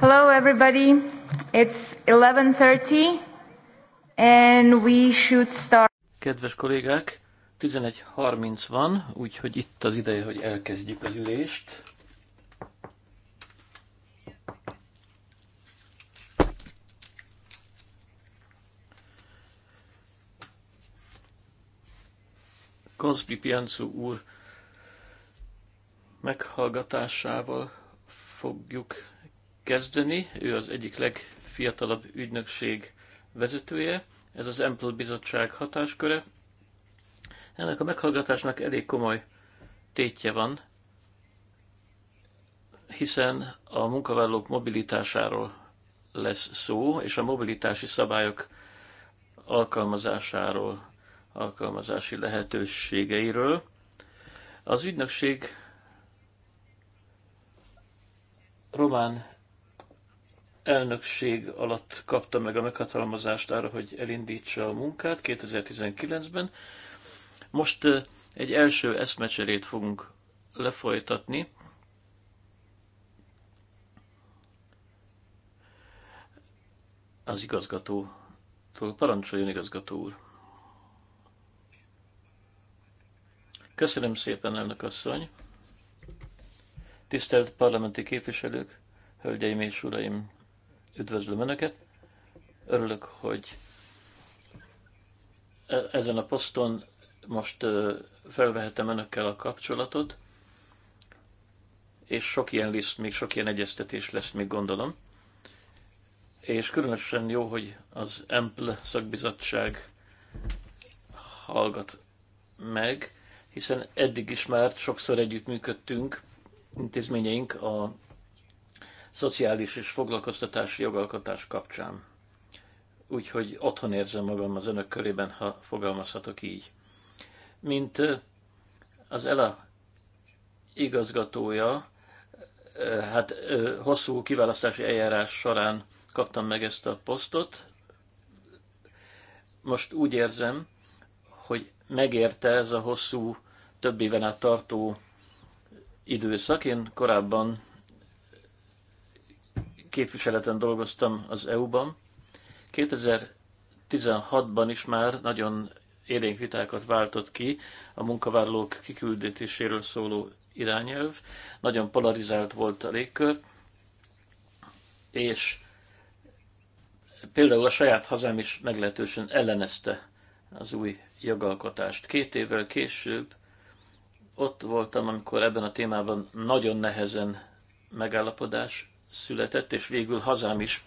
Hello everybody. It's 11:30 and we should start. Kedves kollégák, 11:30 van, úgyhogy itt az ideje, hogy elkezdjük az ülést. Konszpi Piancu úr meghallgatásával fogjuk kezdeni. Ő az egyik legfiatalabb ügynökség vezetője. Ez az Ample Bizottság hatásköre. Ennek a meghallgatásnak elég komoly tétje van, hiszen a munkavállalók mobilitásáról lesz szó, és a mobilitási szabályok alkalmazásáról, alkalmazási lehetőségeiről. Az ügynökség román elnökség alatt kapta meg a meghatalmazást arra, hogy elindítsa a munkát 2019-ben. Most egy első eszmecserét fogunk lefolytatni. Az igazgatótól parancsoljon igazgató úr. Köszönöm szépen, elnök asszony! Tisztelt parlamenti képviselők, hölgyeim és uraim! Üdvözlöm Önöket! Örülök, hogy e, ezen a poszton most e, felvehetem Önökkel a kapcsolatot, és sok ilyen liszt, még sok ilyen egyeztetés lesz, még gondolom. És különösen jó, hogy az EMPL szakbizottság hallgat meg, hiszen eddig is már sokszor együttműködtünk intézményeink a szociális és foglalkoztatási jogalkotás kapcsán. Úgyhogy otthon érzem magam az önök körében, ha fogalmazhatok így. Mint az ELA igazgatója, hát hosszú kiválasztási eljárás során kaptam meg ezt a posztot. Most úgy érzem, hogy megérte ez a hosszú, több éven át tartó időszak. Én korábban képviseleten dolgoztam az EU-ban. 2016-ban is már nagyon élénk vitákat váltott ki a munkavállalók kiküldetéséről szóló irányelv. Nagyon polarizált volt a légkör, és például a saját hazám is meglehetősen ellenezte az új jogalkotást. Két évvel később ott voltam, amikor ebben a témában nagyon nehezen megállapodás született, és végül hazám is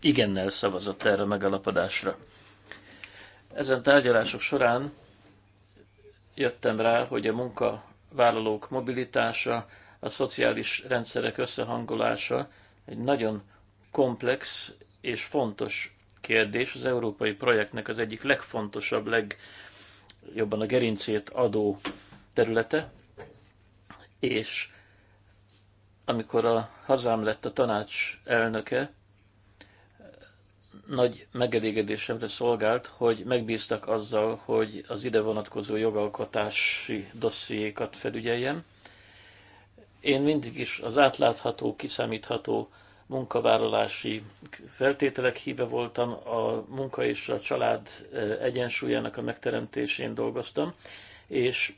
igennel szavazott erre a megalapodásra. Ezen tárgyalások során jöttem rá, hogy a munkavállalók mobilitása, a szociális rendszerek összehangolása egy nagyon komplex és fontos kérdés, az európai projektnek az egyik legfontosabb, legjobban a gerincét adó területe, és amikor a hazám lett a tanács elnöke, nagy megelégedésemre szolgált, hogy megbíztak azzal, hogy az ide vonatkozó jogalkotási dossziékat felügyeljem. Én mindig is az átlátható, kiszámítható munkavállalási feltételek híve voltam, a munka és a család eh, egyensúlyának a megteremtésén dolgoztam, és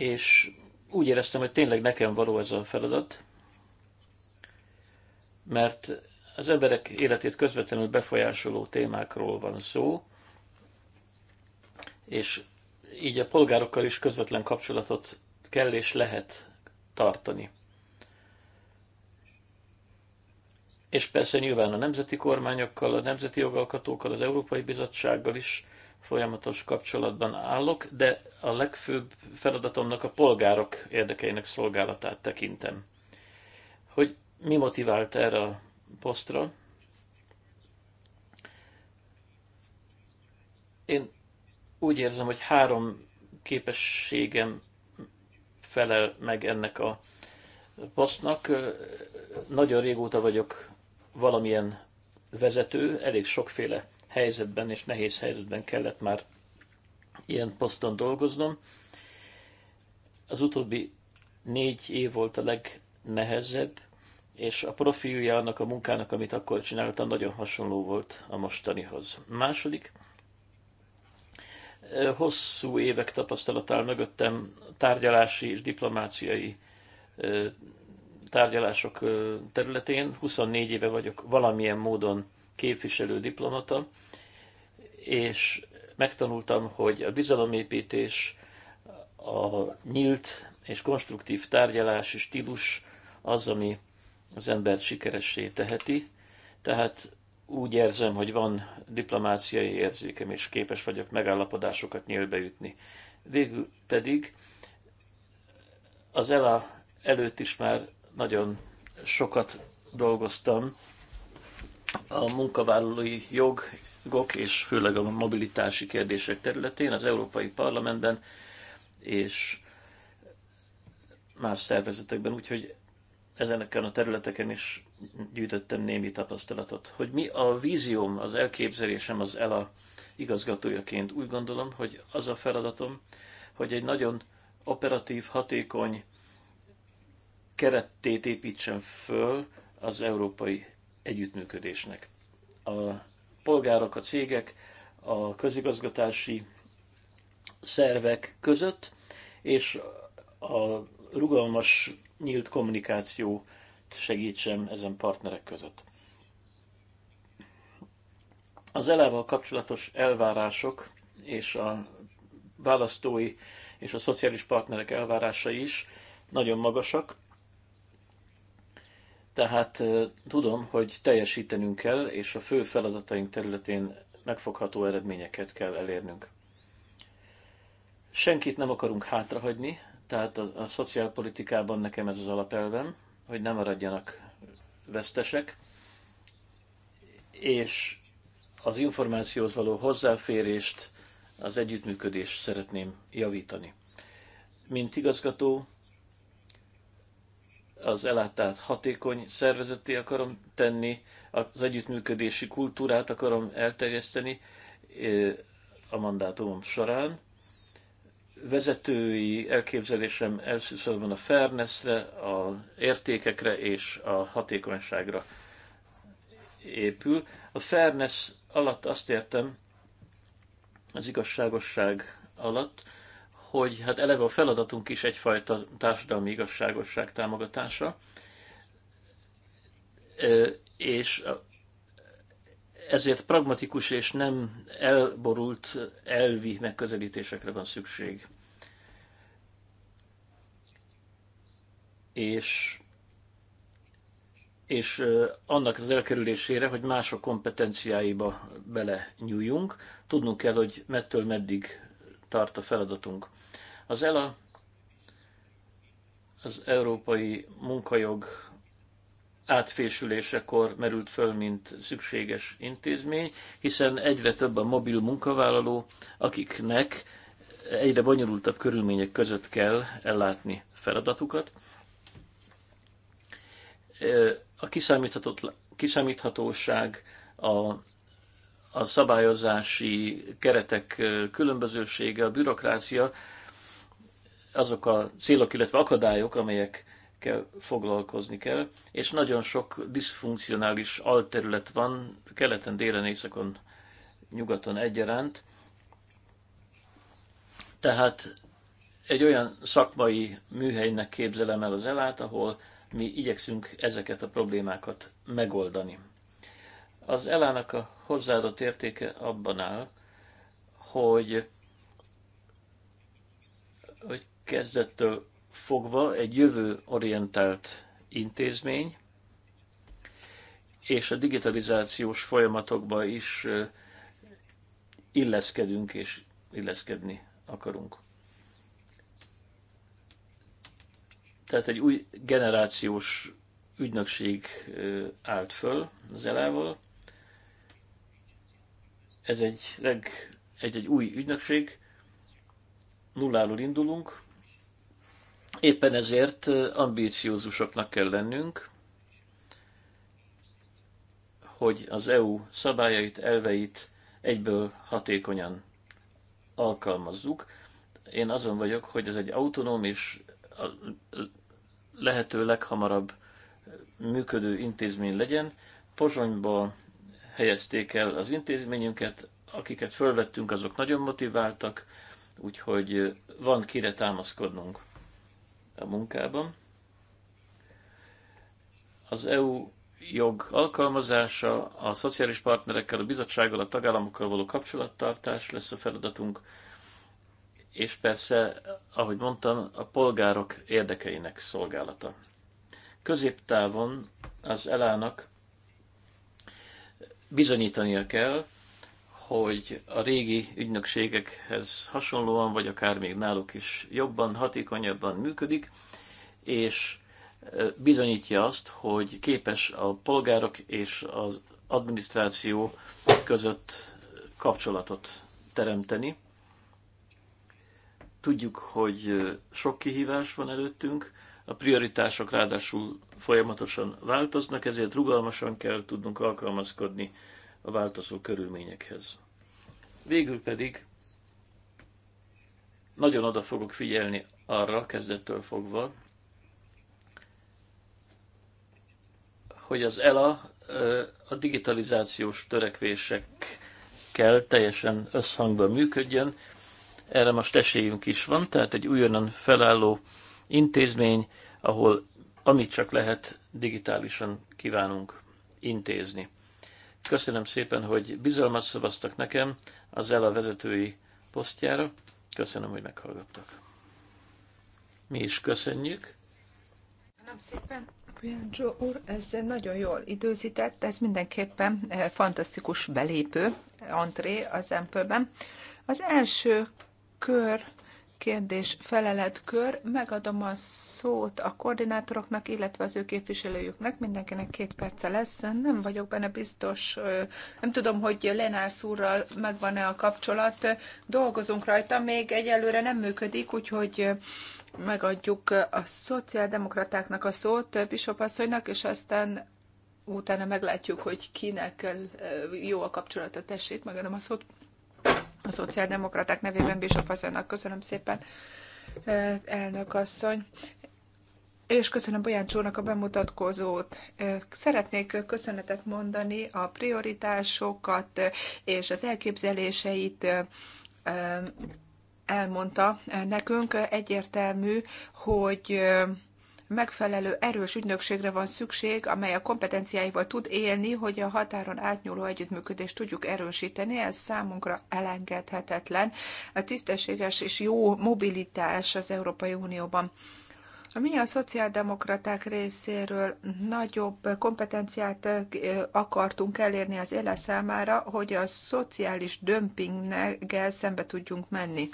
és úgy éreztem, hogy tényleg nekem való ez a feladat, mert az emberek életét közvetlenül befolyásoló témákról van szó, és így a polgárokkal is közvetlen kapcsolatot kell és lehet tartani. És persze nyilván a nemzeti kormányokkal, a nemzeti jogalkatókkal, az Európai Bizottsággal is folyamatos kapcsolatban állok, de a legfőbb feladatomnak a polgárok érdekeinek szolgálatát tekintem. Hogy mi motivált erre a posztra? Én úgy érzem, hogy három képességem felel meg ennek a posztnak. Nagyon régóta vagyok valamilyen vezető, elég sokféle helyzetben és nehéz helyzetben kellett már ilyen poszton dolgoznom. Az utóbbi négy év volt a legnehezebb, és a profilja annak a munkának, amit akkor csináltam, nagyon hasonló volt a mostanihoz. Második, hosszú évek tapasztalatál mögöttem tárgyalási és diplomáciai tárgyalások területén. 24 éve vagyok valamilyen módon képviselő diplomata, és megtanultam, hogy a bizalomépítés, a nyílt és konstruktív tárgyalási stílus az, ami az embert sikeressé teheti. Tehát úgy érzem, hogy van diplomáciai érzékem, és képes vagyok megállapodásokat ütni. Végül pedig az ELA előtt is már nagyon sokat dolgoztam a munkavállalói jogok és főleg a mobilitási kérdések területén az Európai Parlamentben és más szervezetekben, úgyhogy ezeneken a területeken is gyűjtöttem némi tapasztalatot. Hogy mi a vízióm, az elképzelésem az ELA igazgatójaként úgy gondolom, hogy az a feladatom, hogy egy nagyon operatív, hatékony kerettét építsen föl az európai együttműködésnek. A polgárok, a cégek, a közigazgatási szervek között, és a rugalmas, nyílt kommunikáció segítsem ezen partnerek között. Az elával kapcsolatos elvárások és a választói és a szociális partnerek elvárásai is nagyon magasak, tehát tudom, hogy teljesítenünk kell, és a fő feladataink területén megfogható eredményeket kell elérnünk. Senkit nem akarunk hátrahagyni, tehát a, a szociálpolitikában nekem ez az alapelvem, hogy nem maradjanak vesztesek, és az információhoz való hozzáférést, az együttműködést szeretném javítani. Mint igazgató, az elátát hatékony szervezeti akarom tenni, az együttműködési kultúrát akarom elterjeszteni a mandátumom során. Vezetői elképzelésem elsősorban a fairnessre, a értékekre és a hatékonyságra épül. A fairness alatt azt értem, az igazságosság alatt, hogy hát eleve a feladatunk is egyfajta társadalmi igazságosság támogatása, és ezért pragmatikus és nem elborult elvi megközelítésekre van szükség. És, és annak az elkerülésére, hogy mások kompetenciáiba bele nyúljunk, tudnunk kell, hogy mettől meddig tart a feladatunk. Az ELA az európai munkajog átfésülésekor merült föl, mint szükséges intézmény, hiszen egyre több a mobil munkavállaló, akiknek egyre bonyolultabb körülmények között kell ellátni feladatukat. A kiszámíthatóság, a a szabályozási keretek különbözősége, a bürokrácia, azok a célok, illetve akadályok, amelyekkel foglalkozni kell, és nagyon sok diszfunkcionális alterület van, keleten, délen, északon, nyugaton egyaránt. Tehát egy olyan szakmai műhelynek képzelem el az elát, ahol mi igyekszünk ezeket a problémákat megoldani. Az elának a hozzáadott értéke abban áll, hogy, hogy kezdettől fogva egy jövőorientált intézmény, és a digitalizációs folyamatokba is illeszkedünk és illeszkedni akarunk. Tehát egy új generációs ügynökség állt föl az elával, ez egy, leg, egy, egy új ügynökség, nulláról indulunk, éppen ezért ambíciózusoknak kell lennünk, hogy az EU szabályait, elveit egyből hatékonyan alkalmazzuk. Én azon vagyok, hogy ez egy autonóm és lehető leghamarabb működő intézmény legyen. Pozsonyban helyezték el az intézményünket, akiket fölvettünk, azok nagyon motiváltak, úgyhogy van kire támaszkodnunk a munkában. Az EU jog alkalmazása, a szociális partnerekkel, a bizottsággal, a tagállamokkal való kapcsolattartás lesz a feladatunk, és persze, ahogy mondtam, a polgárok érdekeinek szolgálata. Középtávon az elának bizonyítania kell, hogy a régi ügynökségekhez hasonlóan, vagy akár még náluk is jobban, hatékonyabban működik, és bizonyítja azt, hogy képes a polgárok és az adminisztráció között kapcsolatot teremteni. Tudjuk, hogy sok kihívás van előttünk, a prioritások ráadásul folyamatosan változnak, ezért rugalmasan kell tudnunk alkalmazkodni a változó körülményekhez. Végül pedig nagyon oda fogok figyelni arra, kezdettől fogva, hogy az ELA a digitalizációs törekvésekkel teljesen összhangban működjön. Erre most esélyünk is van, tehát egy újonnan felálló intézmény, ahol amit csak lehet, digitálisan kívánunk intézni. Köszönöm szépen, hogy bizalmat szavaztak nekem az ELA vezetői posztjára. Köszönöm, hogy meghallgattak. Mi is köszönjük. Köszönöm szépen. Bianco úr, ez nagyon jól időzített, ez mindenképpen eh, fantasztikus belépő, antré az empőben. Az első kör kérdés kör Megadom a szót a koordinátoroknak, illetve az ő képviselőjüknek. Mindenkinek két perce lesz. Nem vagyok benne biztos, nem tudom, hogy Lenárs úrral megvan-e a kapcsolat. Dolgozunk rajta, még egyelőre nem működik, úgyhogy megadjuk a szociáldemokratáknak a szót, Bishop asszonynak, és aztán utána meglátjuk, hogy kinek jó a kapcsolata. Tessék, megadom a szót a szociáldemokraták nevében Bishop asszonynak. Köszönöm szépen, elnök asszony. És köszönöm Bolyán Csónak a bemutatkozót. Szeretnék köszönetet mondani a prioritásokat és az elképzeléseit elmondta nekünk. Egyértelmű, hogy megfelelő erős ügynökségre van szükség, amely a kompetenciáival tud élni, hogy a határon átnyúló együttműködést tudjuk erősíteni. Ez számunkra elengedhetetlen. A tisztességes és jó mobilitás az Európai Unióban. Mi a szociáldemokraták részéről nagyobb kompetenciát eh, akartunk elérni az éle számára, hogy a szociális dömpinggel szembe tudjunk menni.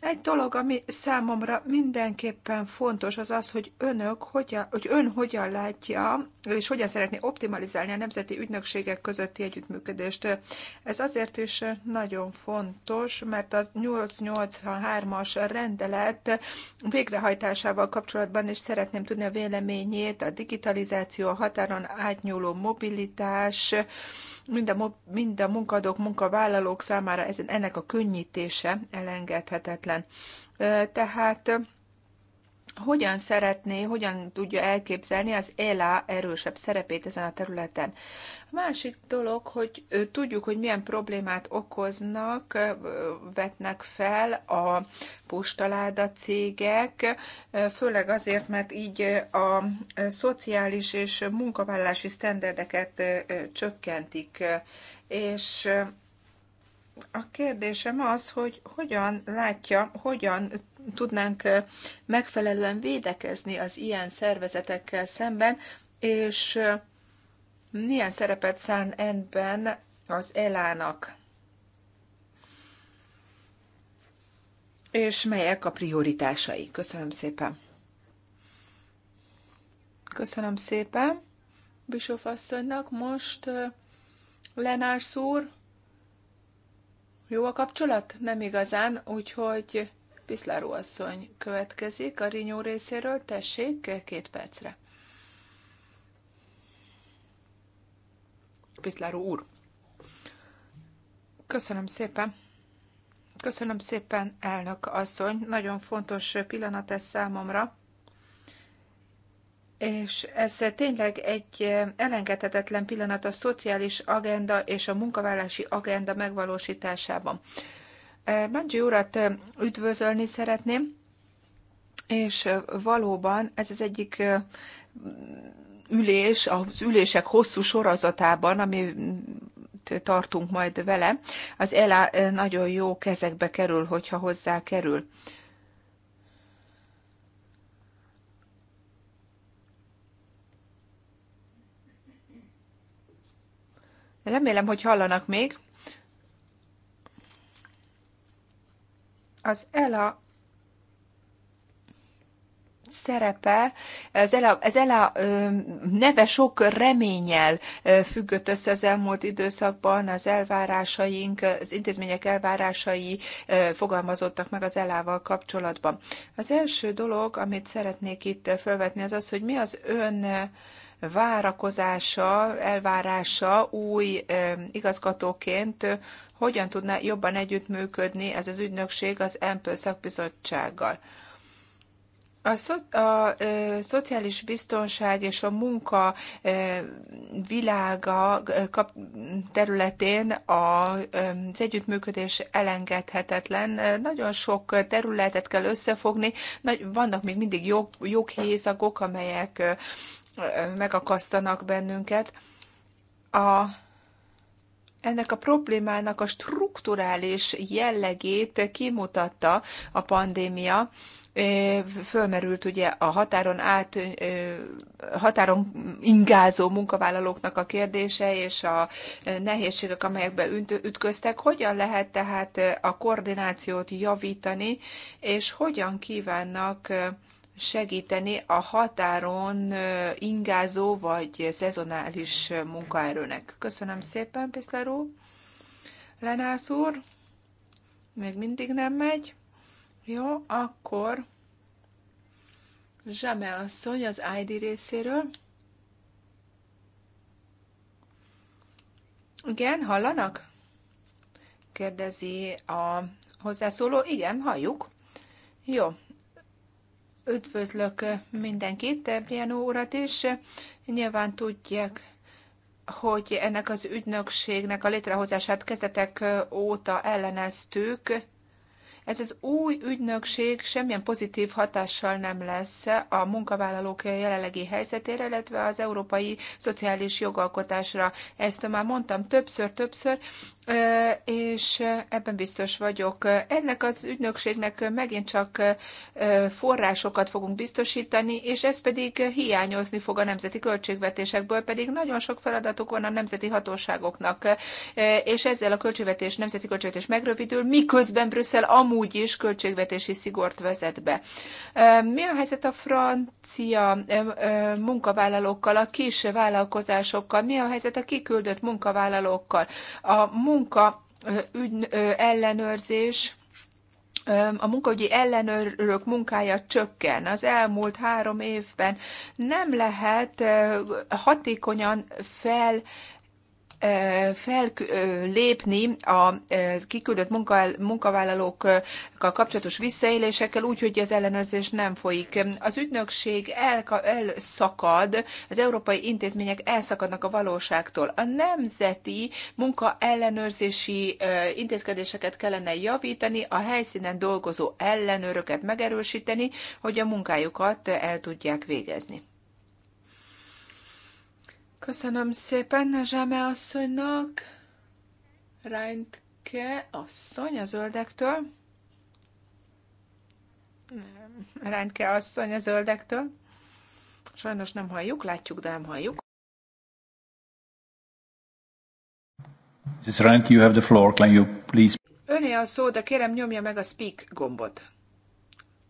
Egy dolog, ami számomra mindenképpen fontos, az az, hogy önök hogyan, hogy ön hogyan látja, és hogyan szeretné optimalizálni a nemzeti ügynökségek közötti együttműködést. Ez azért is nagyon fontos, mert az 883-as rendelet végrehajtásával kapcsolatban is szeretném tudni a véleményét, a digitalizáció, a határon átnyúló mobilitás, mind a, mind a munkadók, munkavállalók számára ezen, ennek a könnyítése elengedhetetlen. Tehát hogyan szeretné, hogyan tudja elképzelni az ELA erősebb szerepét ezen a területen. A másik dolog, hogy tudjuk, hogy milyen problémát okoznak, vetnek fel a postaláda cégek, főleg azért, mert így a szociális és munkavállalási sztenderdeket csökkentik, és a kérdésem az, hogy hogyan látja, hogyan tudnánk megfelelően védekezni az ilyen szervezetekkel szemben, és milyen szerepet szán ebben az elának? És melyek a prioritásai? Köszönöm szépen. Köszönöm szépen Bischof asszonynak. Most Lenár úr, jó a kapcsolat? Nem igazán, úgyhogy Piszláró asszony következik a Rinyó részéről. Tessék, két percre. Piszláró úr. Köszönöm szépen. Köszönöm szépen, elnök asszony. Nagyon fontos pillanat ez számomra. És ez tényleg egy elengedhetetlen pillanat a szociális agenda és a munkavállalási agenda megvalósításában. Benji urat üdvözölni szeretném, és valóban ez az egyik ülés, az ülések hosszú sorozatában, ami tartunk majd vele, az ELA nagyon jó kezekbe kerül, hogyha hozzá kerül. Remélem, hogy hallanak még. Az ELA szerepe, az ELA, az ELA neve sok reményel függött össze az elmúlt időszakban, az elvárásaink, az intézmények elvárásai fogalmazottak meg az elával kapcsolatban. Az első dolog, amit szeretnék itt felvetni, az az, hogy mi az ön várakozása, elvárása új igazgatóként hogyan tudná jobban együttműködni ez az ügynökség az MPÖ szakbizottsággal. A, szo- a, a, szociális biztonság és a munka e, világa kap, területén a, az együttműködés elengedhetetlen. Nagyon sok területet kell összefogni. Nagy, vannak még mindig jog, joghézagok, amelyek e, megakasztanak bennünket. A ennek a problémának a strukturális jellegét kimutatta a pandémia. Fölmerült ugye a határon át, határon ingázó munkavállalóknak a kérdése és a nehézségek, amelyekbe ütköztek. Hogyan lehet tehát a koordinációt javítani, és hogyan kívánnak segíteni a határon ingázó vagy szezonális munkaerőnek. Köszönöm szépen, Piszler úr. Lenársz úr, még mindig nem megy. Jó, akkor Zsame asszony az ID részéről. Igen, hallanak? Kérdezi a hozzászóló. Igen, halljuk. Jó, Üdvözlök mindenkit, Brianó urat is. Nyilván tudják, hogy ennek az ügynökségnek a létrehozását kezdetek óta elleneztük. Ez az új ügynökség semmilyen pozitív hatással nem lesz a munkavállalók jelenlegi helyzetére, illetve az európai szociális jogalkotásra. Ezt már mondtam többször-többször, és ebben biztos vagyok. Ennek az ügynökségnek megint csak forrásokat fogunk biztosítani, és ez pedig hiányozni fog a nemzeti költségvetésekből, pedig nagyon sok feladatuk van a nemzeti hatóságoknak, és ezzel a költségvetés, nemzeti költségvetés megrövidül, miközben Brüsszel amúgy is költségvetési szigort vezet be. Mi a helyzet a francia munkavállalókkal, a kis vállalkozásokkal, mi a helyzet a kiküldött munkavállalókkal? A munka ügy, ellenőrzés, a munkaügyi ellenőrök munkája csökken. Az elmúlt három évben nem lehet hatékonyan fel fellépni a kiküldött munkavállalókkal kapcsolatos visszaélésekkel, úgy, hogy az ellenőrzés nem folyik. Az ügynökség elszakad, az európai intézmények elszakadnak a valóságtól. A nemzeti munkaellenőrzési intézkedéseket kellene javítani, a helyszínen dolgozó ellenőröket megerősíteni, hogy a munkájukat el tudják végezni. Köszönöm szépen zseme asszonynak, Reintke asszony a zöldektől. Nem, Reintke asszony a zöldektől. Sajnos nem halljuk, látjuk, de nem halljuk. Mrs. you have the floor. Can you please... Öné a szó, de kérem nyomja meg a speak gombot.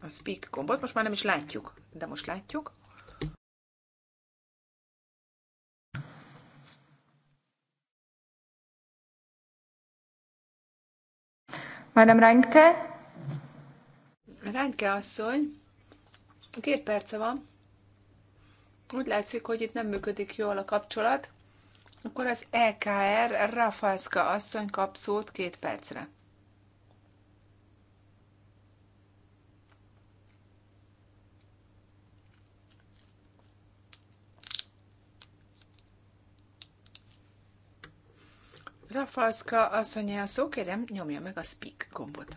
A speak gombot most már nem is látjuk, de most látjuk. Madame Reintke? Reintke asszony, két perce van. Úgy látszik, hogy itt nem működik jól a kapcsolat. Akkor az EKR Rafalska asszony kap szót két percre. Rafalska asszony, a szó, kérem, nyomja meg a speak gombot.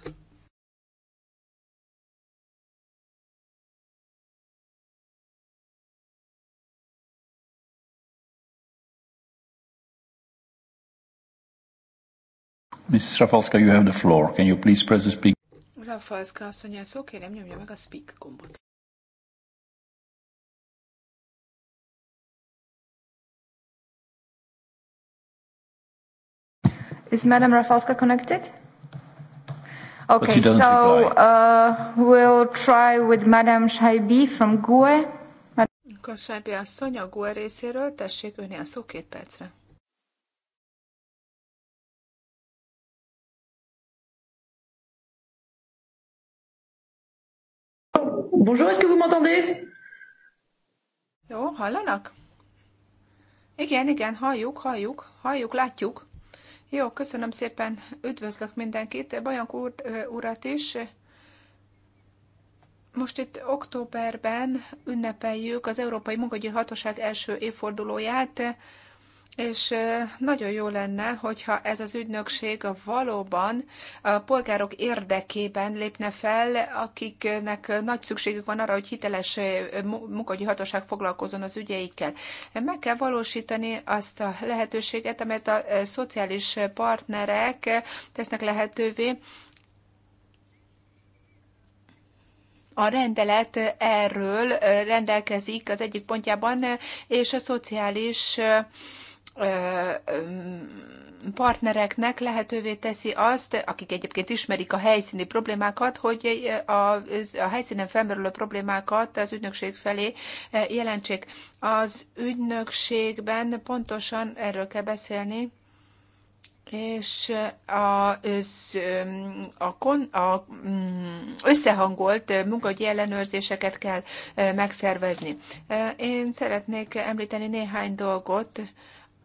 Mrs. Rafalska, you have the floor. Can you please press the speak? Rafalska asszony, szó, kérem, nyomja meg a speak gombot. Is Madame Rafalska connected? Okay, so uh, we'll try with Madame Shaibi from GUE. Akkor Shaibi asszony a GUE részéről, tessék önni a szó két percre. Bonjour, est-ce que vous m'entendez? Jó, hallanak? Igen, igen, halljuk, halljuk, halljuk, látjuk. Jó, köszönöm szépen, üdvözlök mindenkit, Bajank úr, urat is. Most itt októberben ünnepeljük az Európai Munkagyi Hatóság első évfordulóját és nagyon jó lenne, hogyha ez az ügynökség valóban a polgárok érdekében lépne fel, akiknek nagy szükségük van arra, hogy hiteles munkahogyi hatóság foglalkozon az ügyeikkel. Meg kell valósítani azt a lehetőséget, amelyet a szociális partnerek tesznek lehetővé, a rendelet erről rendelkezik az egyik pontjában, és a szociális partnereknek lehetővé teszi azt, akik egyébként ismerik a helyszíni problémákat, hogy a, a helyszínen felmerülő problémákat az ügynökség felé jelentsék. Az ügynökségben pontosan erről kell beszélni, és a, az, a, kon, a mm, összehangolt munkagyi ellenőrzéseket kell megszervezni. Én szeretnék említeni néhány dolgot,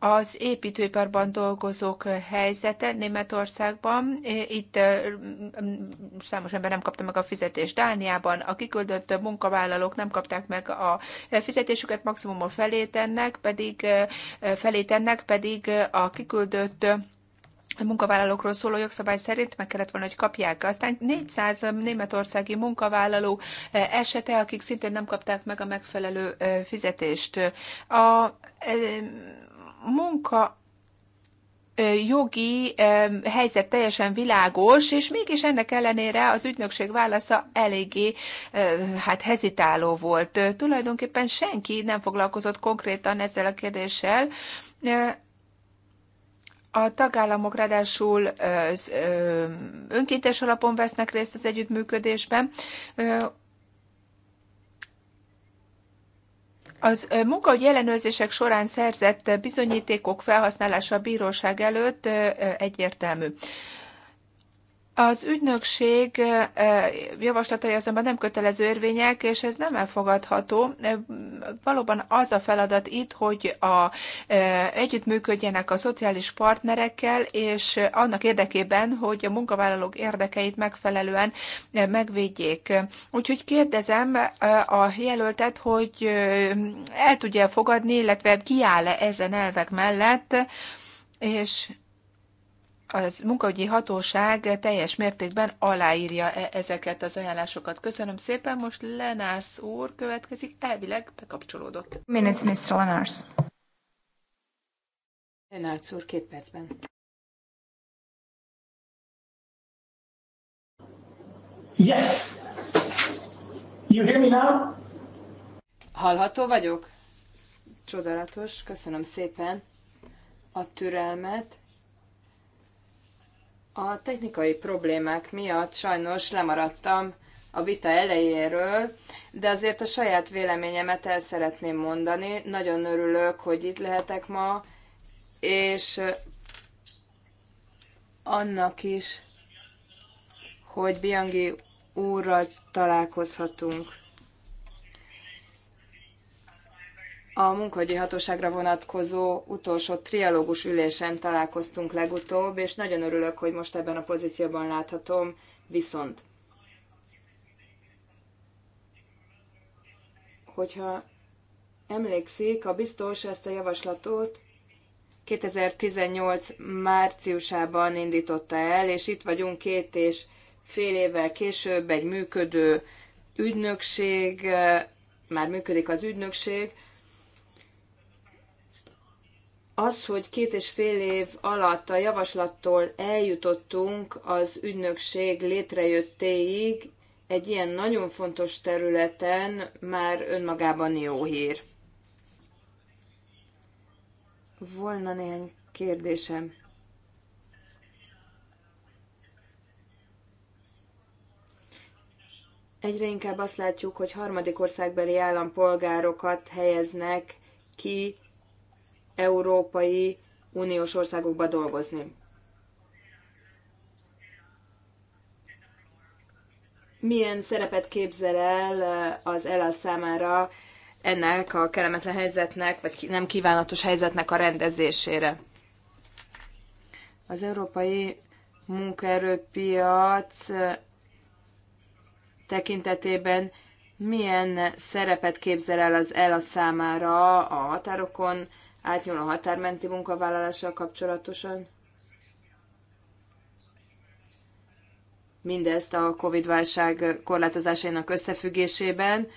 az építőiparban dolgozók helyzete Németországban. Itt számos ember nem kapta meg a fizetést Dániában, a kiküldött munkavállalók nem kapták meg a fizetésüket, maximum a felét ennek, pedig, felét ennek pedig a kiküldött a munkavállalókról szóló jogszabály szerint meg kellett volna, hogy kapják. Aztán 400 németországi munkavállaló esete, akik szintén nem kapták meg a megfelelő fizetést. A, munka jogi helyzet teljesen világos, és mégis ennek ellenére az ügynökség válasza eléggé hát hezitáló volt. Tulajdonképpen senki nem foglalkozott konkrétan ezzel a kérdéssel. A tagállamok ráadásul önkéntes alapon vesznek részt az együttműködésben, Az munkaügyi ellenőrzések során szerzett bizonyítékok felhasználása a bíróság előtt egyértelmű. Az ügynökség javaslatai azonban nem kötelező érvények, és ez nem elfogadható. Valóban az a feladat itt, hogy a, együttműködjenek a szociális partnerekkel, és annak érdekében, hogy a munkavállalók érdekeit megfelelően megvédjék. Úgyhogy kérdezem a jelöltet, hogy el tudja fogadni, illetve kiáll-e ezen elvek mellett, és az munkaügyi hatóság teljes mértékben aláírja e ezeket az ajánlásokat. Köszönöm szépen, most Lenárs úr következik, elvileg bekapcsolódott. Minutes, Mr. Lenárs. Lenárs úr, két percben. Yes! You hear me now? Hallható vagyok? Csodálatos, köszönöm szépen a türelmet a technikai problémák miatt sajnos lemaradtam a vita elejéről, de azért a saját véleményemet el szeretném mondani. Nagyon örülök, hogy itt lehetek ma, és annak is, hogy Biangi úrral találkozhatunk. a munkahogyi hatóságra vonatkozó utolsó trialógus ülésen találkoztunk legutóbb, és nagyon örülök, hogy most ebben a pozícióban láthatom, viszont hogyha emlékszik, a biztos ezt a javaslatot 2018 márciusában indította el, és itt vagyunk két és fél évvel később egy működő ügynökség, már működik az ügynökség, az, hogy két és fél év alatt a javaslattól eljutottunk az ügynökség létrejöttéig, egy ilyen nagyon fontos területen már önmagában jó hír. Volna néhány kérdésem. Egyre inkább azt látjuk, hogy harmadik országbeli állampolgárokat helyeznek ki európai uniós országokba dolgozni. Milyen szerepet képzel el eh, az ELA számára ennek a kellemetlen helyzetnek, vagy nem kívánatos helyzetnek a rendezésére? Az európai munkaerőpiac eh, tekintetében milyen szerepet képzel el az ELA számára a határokon a határmenti munkavállalással kapcsolatosan. Mindezt a COVID-válság korlátozásainak összefüggésében.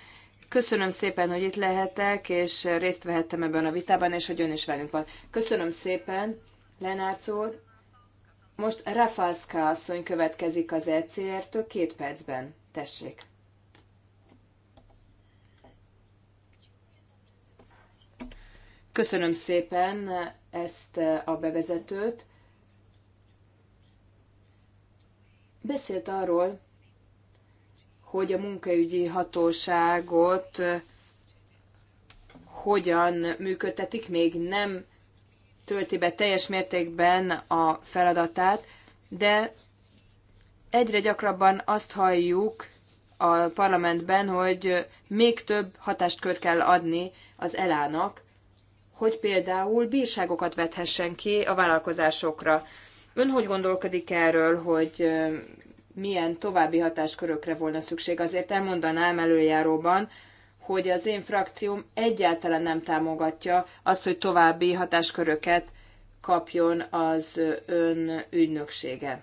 Köszönöm szépen, hogy itt lehetek, és részt vehettem ebben a vitában, és hogy ön is velünk van. Köszönöm szépen, Lenárc úr. Most Rafalska asszony következik az ECR-től két percben. Tessék. Köszönöm szépen ezt a bevezetőt. Beszélt arról, hogy a munkaügyi hatóságot hogyan működtetik, még nem tölti be teljes mértékben a feladatát, de egyre gyakrabban azt halljuk a parlamentben, hogy még több hatáskört kell adni az elának, hogy például bírságokat vethessen ki a vállalkozásokra. Ön hogy gondolkodik erről, hogy milyen további hatáskörökre volna szükség? Azért elmondanám előjáróban, hogy az én frakcióm egyáltalán nem támogatja azt, hogy további hatásköröket kapjon az ön ügynöksége.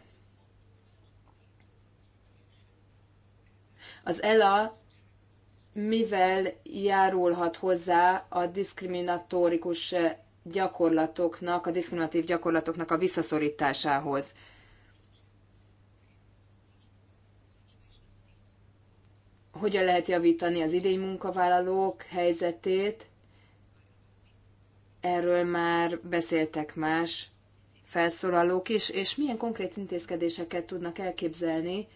Az ELA mivel járulhat hozzá a diszkriminatórikus gyakorlatoknak, a diszkriminatív gyakorlatoknak a visszaszorításához. Hogyan lehet javítani az idény munkavállalók helyzetét? Erről már beszéltek más felszólalók is, és milyen konkrét intézkedéseket tudnak elképzelni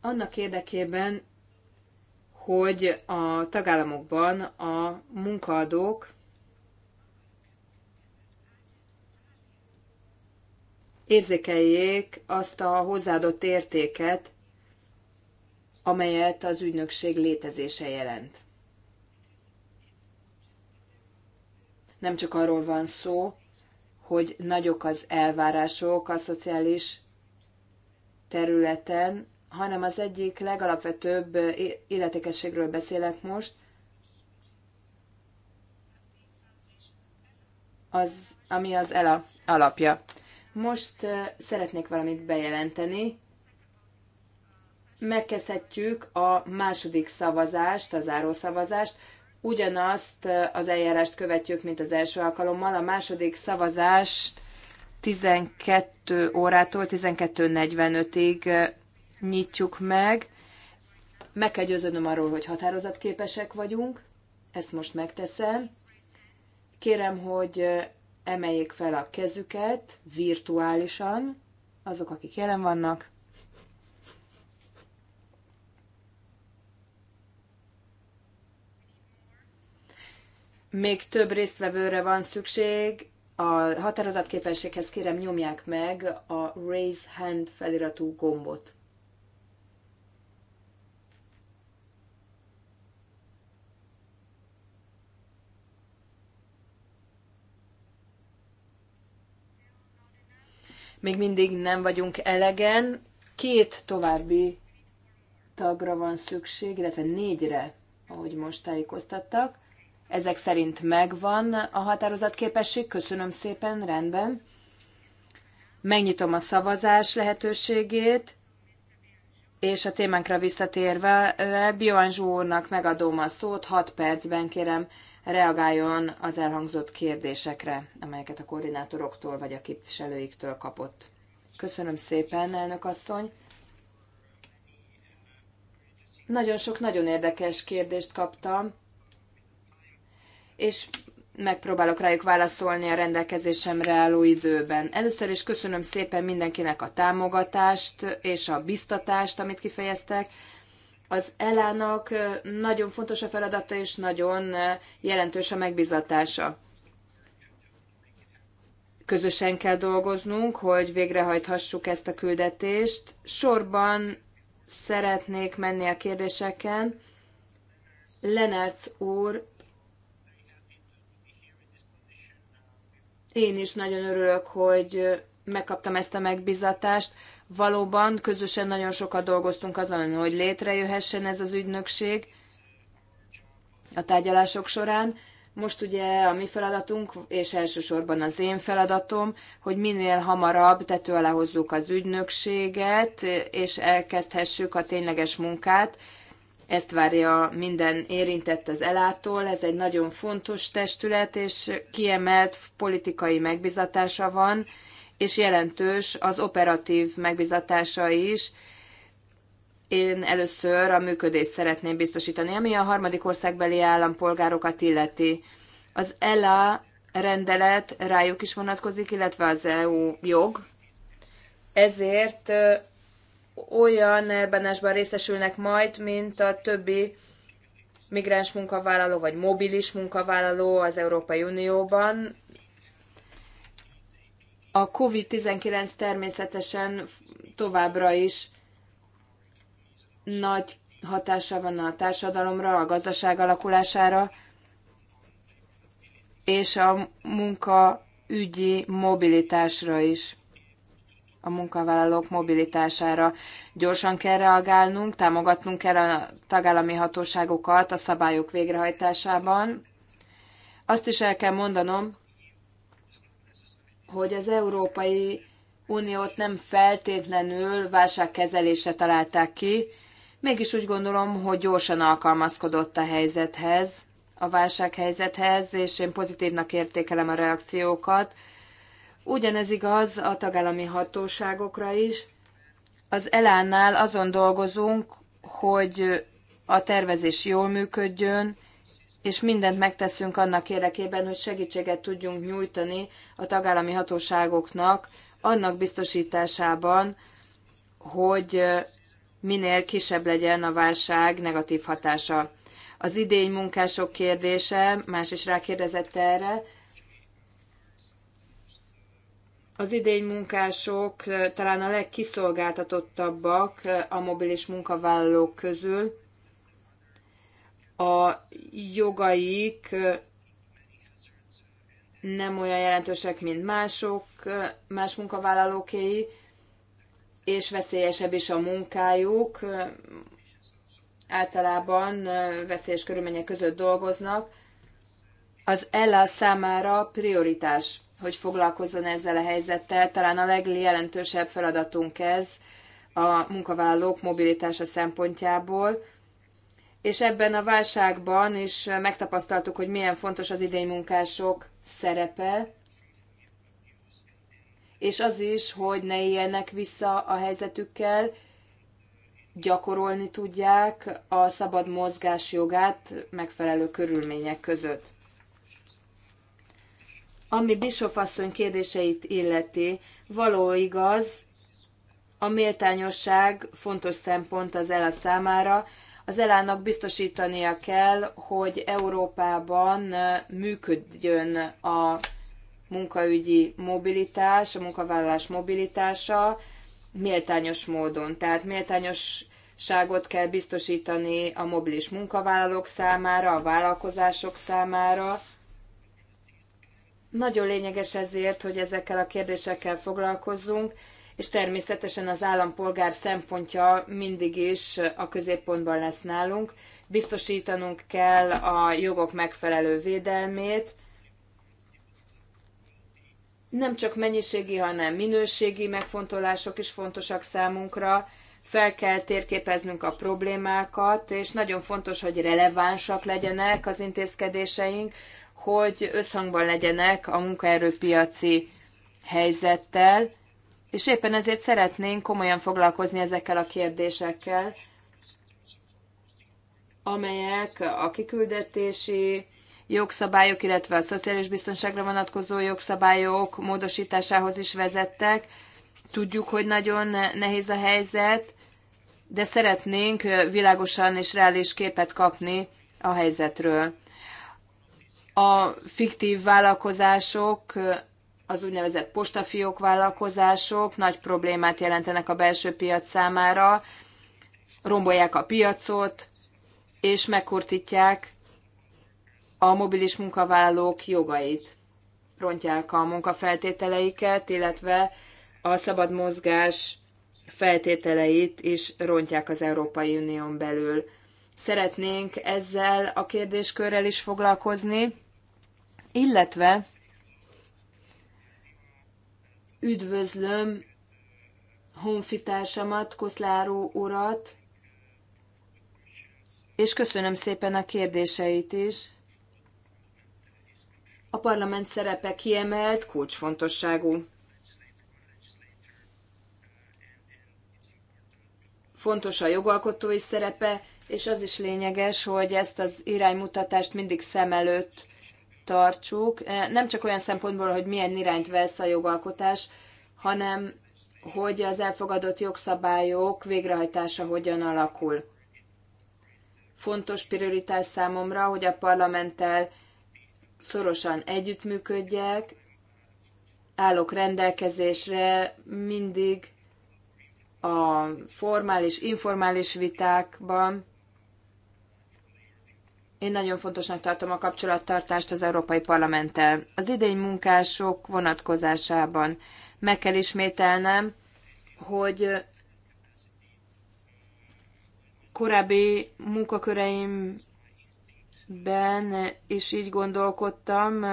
annak érdekében, hogy a tagállamokban a munkaadók érzékeljék azt a hozzáadott értéket, amelyet az ügynökség létezése jelent. Nem csak arról van szó, hogy nagyok az elvárások a szociális területen, hanem az egyik legalapvetőbb eh, illetékességről beszélek most, az, ami az ELA alapja. Most eh, szeretnék valamit bejelenteni. Megkezdhetjük a második szavazást, a zárószavazást. Ugyanazt eh, az eljárást követjük, mint az első alkalommal. A második szavazást 12 órától 12.45-ig nyitjuk meg. Meg kell győződnöm arról, hogy határozatképesek vagyunk, ezt most megteszem. Kérem, hogy emeljék fel a kezüket virtuálisan, azok, akik jelen vannak. Még több résztvevőre van szükség. A határozatképességhez kérem nyomják meg a Raise Hand feliratú gombot. még mindig nem vagyunk elegen. Két további tagra van szükség, illetve négyre, ahogy most tájékoztattak. Ezek szerint megvan a határozatképesség. Köszönöm szépen, rendben. Megnyitom a szavazás lehetőségét, és a témánkra visszatérve eh, Bioanzsú úrnak megadom a szót, 6 percben kérem reagáljon az elhangzott kérdésekre, amelyeket a koordinátoroktól vagy a képviselőiktől kapott. Köszönöm szépen, elnök asszony! Nagyon sok nagyon érdekes kérdést kaptam, és megpróbálok rájuk válaszolni a rendelkezésemre álló időben. Először is köszönöm szépen mindenkinek a támogatást és a biztatást, amit kifejeztek az elának nagyon fontos a feladata, és nagyon jelentős a megbizatása. Közösen kell dolgoznunk, hogy végrehajthassuk ezt a küldetést. Sorban szeretnék menni a kérdéseken. Lenárc úr, én is nagyon örülök, hogy megkaptam ezt a megbizatást. Valóban közösen nagyon sokat dolgoztunk azon, hogy létrejöhessen ez az ügynökség a tárgyalások során. Most ugye a mi feladatunk, és elsősorban az én feladatom, hogy minél hamarabb tető alá hozzuk az ügynökséget, és elkezdhessük a tényleges munkát. Ezt várja minden érintett az elától. Ez egy nagyon fontos testület, és kiemelt politikai megbizatása van, és jelentős az operatív megbizatása is. Én először a működést szeretném biztosítani, ami a harmadik országbeli állampolgárokat illeti. Az ELA rendelet rájuk is vonatkozik, illetve az EU jog. Ezért olyan elbánásban részesülnek majd, mint a többi migráns munkavállaló vagy mobilis munkavállaló az Európai Unióban, a COVID-19 természetesen továbbra is nagy hatása van a társadalomra, a gazdaság alakulására, és a munkaügyi mobilitásra is, a munkavállalók mobilitására. Gyorsan kell reagálnunk, támogatnunk kell a tagállami hatóságokat a szabályok végrehajtásában. Azt is el kell mondanom, hogy az Európai Uniót nem feltétlenül válságkezelése találták ki, mégis úgy gondolom, hogy gyorsan alkalmazkodott a helyzethez, a válsághelyzethez, és én pozitívnak értékelem a reakciókat. Ugyanez igaz a tagállami hatóságokra is. Az elánnál azon dolgozunk, hogy a tervezés jól működjön, és mindent megteszünk annak érdekében, hogy segítséget tudjunk nyújtani a tagállami hatóságoknak annak biztosításában, hogy minél kisebb legyen a válság negatív hatása. Az idény munkások kérdése, más is rákérdezett erre, az idénymunkások munkások talán a legkiszolgáltatottabbak a mobilis munkavállalók közül, a jogaik nem olyan jelentősek, mint mások, más munkavállalókéi, és veszélyesebb is a munkájuk. Általában veszélyes körülmények között dolgoznak. Az Ella számára prioritás, hogy foglalkozzon ezzel a helyzettel. Talán a legjelentősebb feladatunk ez a munkavállalók mobilitása szempontjából és ebben a válságban is megtapasztaltuk, hogy milyen fontos az idei munkások szerepe, és az is, hogy ne éljenek vissza a helyzetükkel, gyakorolni tudják a szabad mozgás jogát megfelelő körülmények között. Ami Bischoff asszony kérdéseit illeti, való igaz, a méltányosság fontos szempont az ELA számára, az elának biztosítania kell, hogy Európában működjön a munkaügyi mobilitás, a munkavállalás mobilitása méltányos módon. Tehát méltányos kell biztosítani a mobilis munkavállalók számára, a vállalkozások számára. Nagyon lényeges ezért, hogy ezekkel a kérdésekkel foglalkozzunk, és természetesen az állampolgár szempontja mindig is a középpontban lesz nálunk. Biztosítanunk kell a jogok megfelelő védelmét, nem csak mennyiségi, hanem minőségi megfontolások is fontosak számunkra, fel kell térképeznünk a problémákat, és nagyon fontos, hogy relevánsak legyenek az intézkedéseink, hogy összhangban legyenek a munkaerőpiaci helyzettel, és éppen ezért szeretnénk komolyan foglalkozni ezekkel a kérdésekkel, amelyek a kiküldetési jogszabályok, illetve a szociális biztonságra vonatkozó jogszabályok módosításához is vezettek. Tudjuk, hogy nagyon nehéz a helyzet, de szeretnénk világosan és reális képet kapni a helyzetről. A fiktív vállalkozások az úgynevezett postafiók vállalkozások nagy problémát jelentenek a belső piac számára, rombolják a piacot, és megkurtítják a mobilis munkavállalók jogait, rontják a munkafeltételeiket, illetve a szabad mozgás feltételeit is rontják az Európai Unión belül. Szeretnénk ezzel a kérdéskörrel is foglalkozni, illetve Üdvözlöm honfitársamat, Koszláró urat, és köszönöm szépen a kérdéseit is. A parlament szerepe kiemelt, kulcsfontosságú. Fontos a jogalkotói szerepe, és az is lényeges, hogy ezt az iránymutatást mindig szem előtt tartsuk, e, nem csak olyan szempontból, hogy milyen irányt vesz a jogalkotás, hanem hogy az elfogadott jogszabályok végrehajtása hogyan alakul. Fontos prioritás számomra, hogy a parlamenttel szorosan együttműködjek, állok rendelkezésre mindig a formális, informális vitákban, én nagyon fontosnak tartom a kapcsolattartást az Európai Parlamenttel. Az idény munkások vonatkozásában meg kell ismételnem, hogy korábbi munkaköreimben is így gondolkodtam,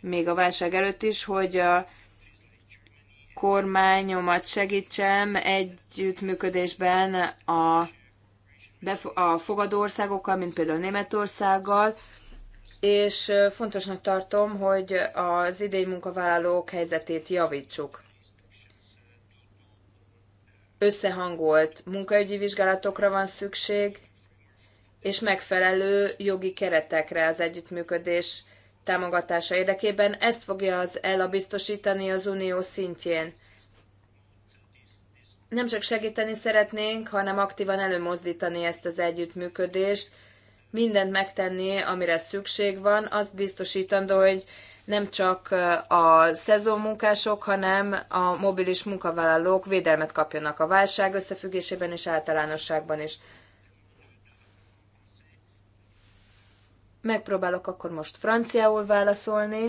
még a válság előtt is, hogy a kormányomat segítsem együttműködésben a a fogadó országokkal, mint például Németországgal, és fontosnak tartom, hogy az idei munkavállalók helyzetét javítsuk. Összehangolt munkaügyi vizsgálatokra van szükség, és megfelelő jogi keretekre az együttműködés támogatása érdekében. Ezt fogja az ELA biztosítani az unió szintjén nem csak segíteni szeretnénk, hanem aktívan előmozdítani ezt az együttműködést, mindent megtenni, amire szükség van, azt biztosítandó, hogy nem csak uh, a szezonmunkások, hanem a mobilis munkavállalók védelmet kapjanak a válság összefüggésében és általánosságban is. Megpróbálok akkor most franciául válaszolni.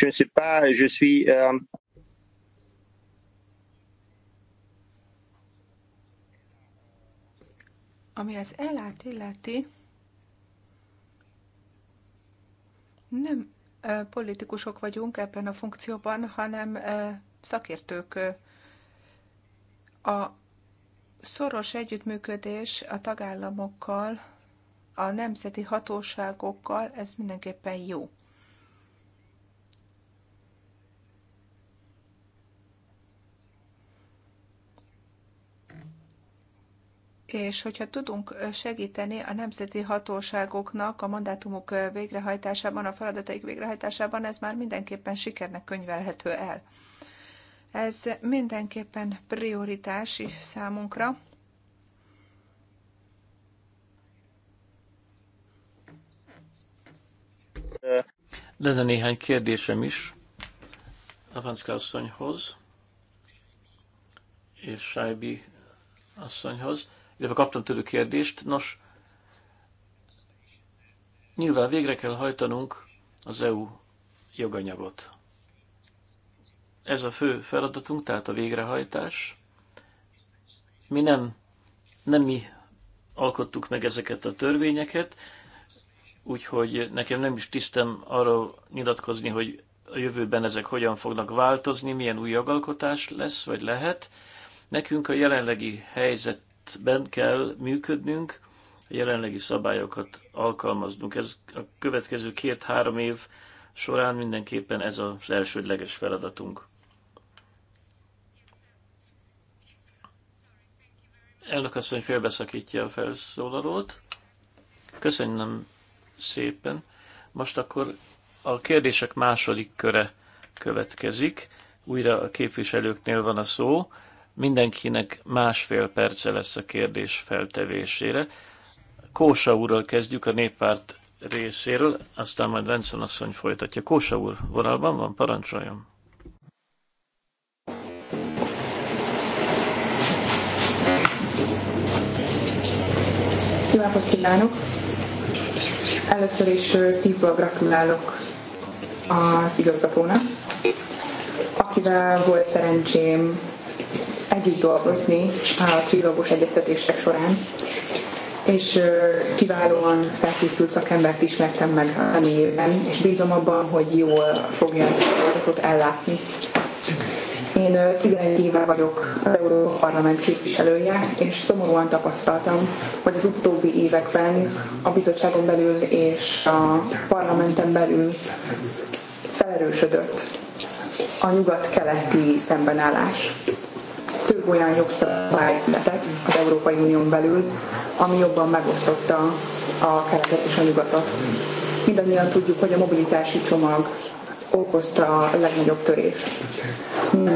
Je sais pas, je suis, euh, Ami az elát illeti, nem politikusok vagyunk ebben a funkcióban, hanem szakértők. A szoros együttműködés a tagállamokkal, a nemzeti hatóságokkal, ez mindenképpen jó. és hogyha tudunk segíteni a nemzeti hatóságoknak a mandátumok végrehajtásában, a feladataik végrehajtásában, ez már mindenképpen sikernek könyvelhető el. Ez mindenképpen prioritási számunkra. Lenne néhány kérdésem is a asszonyhoz és sajbi asszonyhoz illetve kaptam tőlük kérdést. Nos, nyilván végre kell hajtanunk az EU joganyagot. Ez a fő feladatunk, tehát a végrehajtás. Mi nem, nem mi alkottuk meg ezeket a törvényeket, úgyhogy nekem nem is tisztem arról nyilatkozni, hogy a jövőben ezek hogyan fognak változni, milyen új jogalkotás lesz, vagy lehet. Nekünk a jelenlegi helyzet ben kell működnünk, a jelenlegi szabályokat alkalmaznunk. Ez a következő két-három év során mindenképpen ez az elsődleges feladatunk. Elnök asszony félbeszakítja a felszólalót. Köszönöm szépen. Most akkor a kérdések második köre következik. Újra a képviselőknél van a szó. Mindenkinek másfél perce lesz a kérdés feltevésére. Kósa úrral kezdjük a néppárt részéről, aztán majd Benson asszony folytatja. Kósa úr, vonalban van, parancsoljon. Jó napot kívánok! Először is szívből gratulálok az igazgatónak, akivel volt szerencsém együtt dolgozni a trilógus egyeztetések során, és kiválóan felkészült szakembert ismertem meg a néven, és bízom abban, hogy jól fogja ezt a feladatot ellátni. Én 11 éve vagyok az Európa Parlament képviselője, és szomorúan tapasztaltam, hogy az utóbbi években a bizottságon belül és a parlamenten belül felerősödött a nyugat-keleti szembenállás több olyan jogszabály született az Európai Unión belül, ami jobban megosztotta a keletet és a nyugatot. Mindannyian tudjuk, hogy a mobilitási csomag okozta a legnagyobb törést. Nem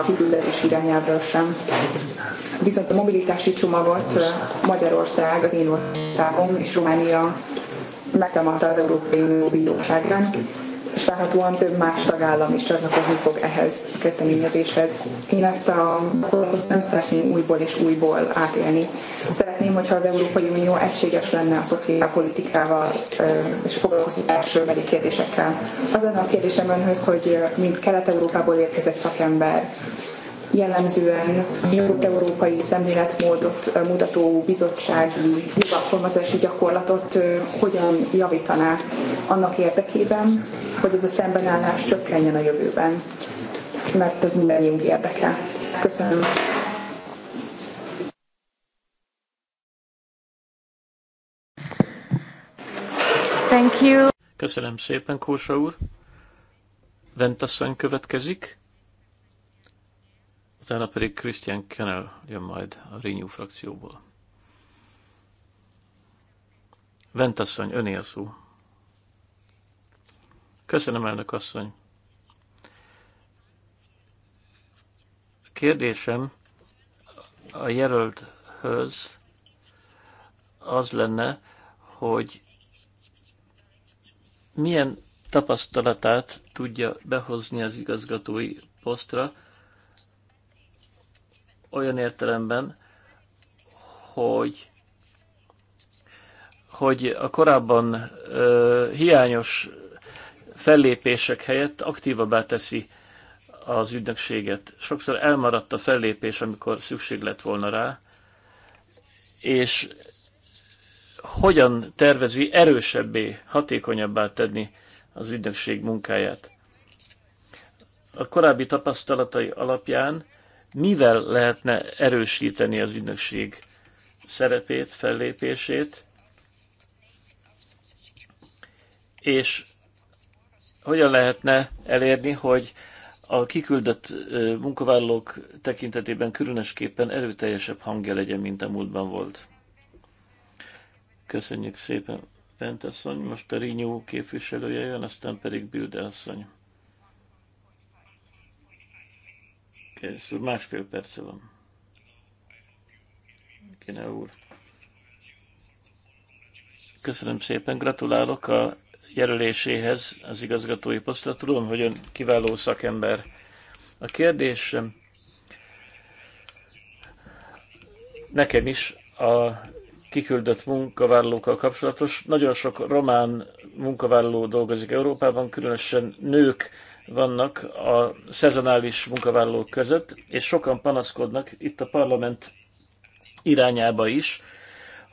a kiküldetés irányábra sem. Viszont a mobilitási csomagot Magyarország, az én országom és Románia megtámadta az Európai Unió bíróságán, és várhatóan több más tagállam is csatlakozni fog ehhez a kezdeményezéshez. Én ezt a korot nem szeretném újból és újból átélni. Szeretném, hogyha az Európai Unió egységes lenne a szociálpolitikával és foglalkoztatásbeli kérdésekkel. Az lenne a kérdésem önhöz, hogy mint Kelet-Európából érkezett szakember, jellemzően nyugat-európai szemléletmódot mutató bizottsági jogalkalmazási gyakorlatot hogyan javítaná annak érdekében, hogy ez a szembenállás csökkenjen a jövőben, mert ez mindannyiunk érdeke. Köszönöm. Thank you. Köszönöm szépen, Kósa úr. Ventasszony következik. Utána pedig Christian Kennel jön majd a Renew frakcióból. Ventasszony, öné a szó. Köszönöm, elnök asszony. Kérdésem a jelölthöz az lenne, hogy milyen tapasztalatát tudja behozni az igazgatói posztra, olyan értelemben, hogy hogy a korábban ö, hiányos fellépések helyett aktívabbá teszi az ügynökséget. Sokszor elmaradt a fellépés, amikor szükség lett volna rá, és hogyan tervezi erősebbé, hatékonyabbá tenni az ügynökség munkáját. A korábbi tapasztalatai alapján mivel lehetne erősíteni az ügynökség szerepét, fellépését, és hogyan lehetne elérni, hogy a kiküldött munkavállalók tekintetében különösképpen erőteljesebb hangja legyen, mint a múltban volt. Köszönjük szépen, Pentasszony. Most a Rinyó képviselője jön, aztán pedig Bilde asszony. Kész, másfél perce van. Kéne úr. Köszönöm szépen, gratulálok a jelöléséhez az igazgatói posztra. Tudom, hogy ön kiváló szakember. A kérdésem nekem is a kiküldött munkavállalókkal kapcsolatos. Nagyon sok román munkavállaló dolgozik Európában, különösen nők vannak a szezonális munkavállalók között, és sokan panaszkodnak itt a parlament irányába is,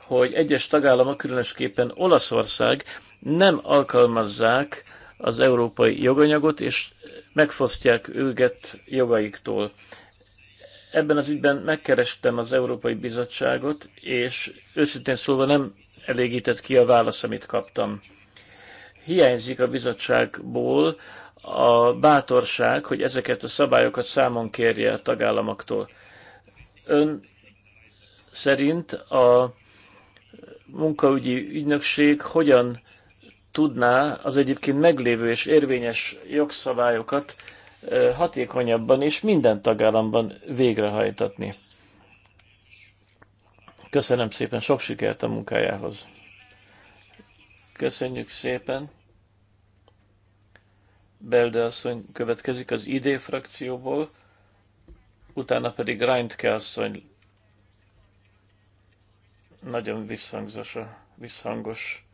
hogy egyes tagállamok, különösképpen Olaszország nem alkalmazzák az európai joganyagot, és megfosztják őket jogaiktól. Ebben az ügyben megkerestem az Európai Bizottságot, és őszintén szólva nem elégített ki a válasz, amit kaptam. Hiányzik a bizottságból a bátorság, hogy ezeket a szabályokat számon kérje a tagállamoktól. Ön szerint a munkaügyi ügynökség hogyan tudná az egyébként meglévő és érvényes jogszabályokat hatékonyabban és minden tagállamban végrehajtatni. Köszönöm szépen, sok sikert a munkájához. Köszönjük szépen. Belde asszony következik az ID frakcióból, utána pedig Reintke asszony nagyon visszhangzos a, visszhangos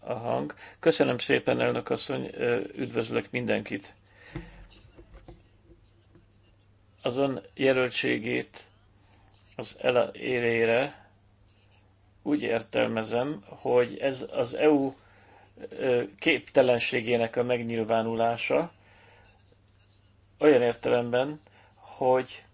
a hang. Köszönöm szépen, elnök asszony, üdvözlök mindenkit. Azon jelöltségét az elérére úgy értelmezem, hogy ez az EU képtelenségének a megnyilvánulása, olyan értelemben, hogy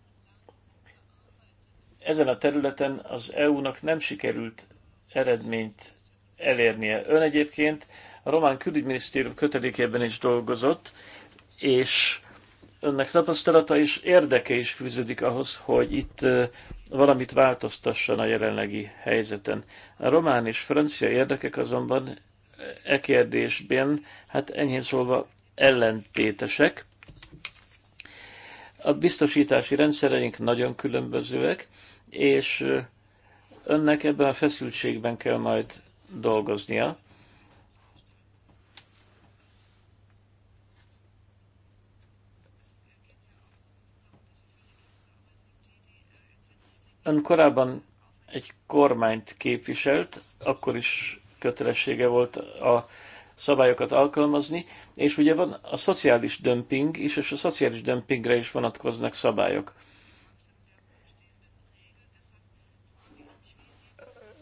ezen a területen az EU-nak nem sikerült eredményt elérnie. Ön egyébként a román külügyminisztérium kötelékében is dolgozott, és önnek tapasztalata és érdeke is fűződik ahhoz, hogy itt valamit változtasson a jelenlegi helyzeten. A román és francia érdekek azonban e kérdésben, hát enyhén szólva ellentétesek. A biztosítási rendszereink nagyon különbözőek, és önnek ebben a feszültségben kell majd dolgoznia. Ön korábban egy kormányt képviselt, akkor is kötelessége volt a szabályokat alkalmazni, és ugye van a szociális dömping is, és a szociális dömpingre is vonatkoznak szabályok.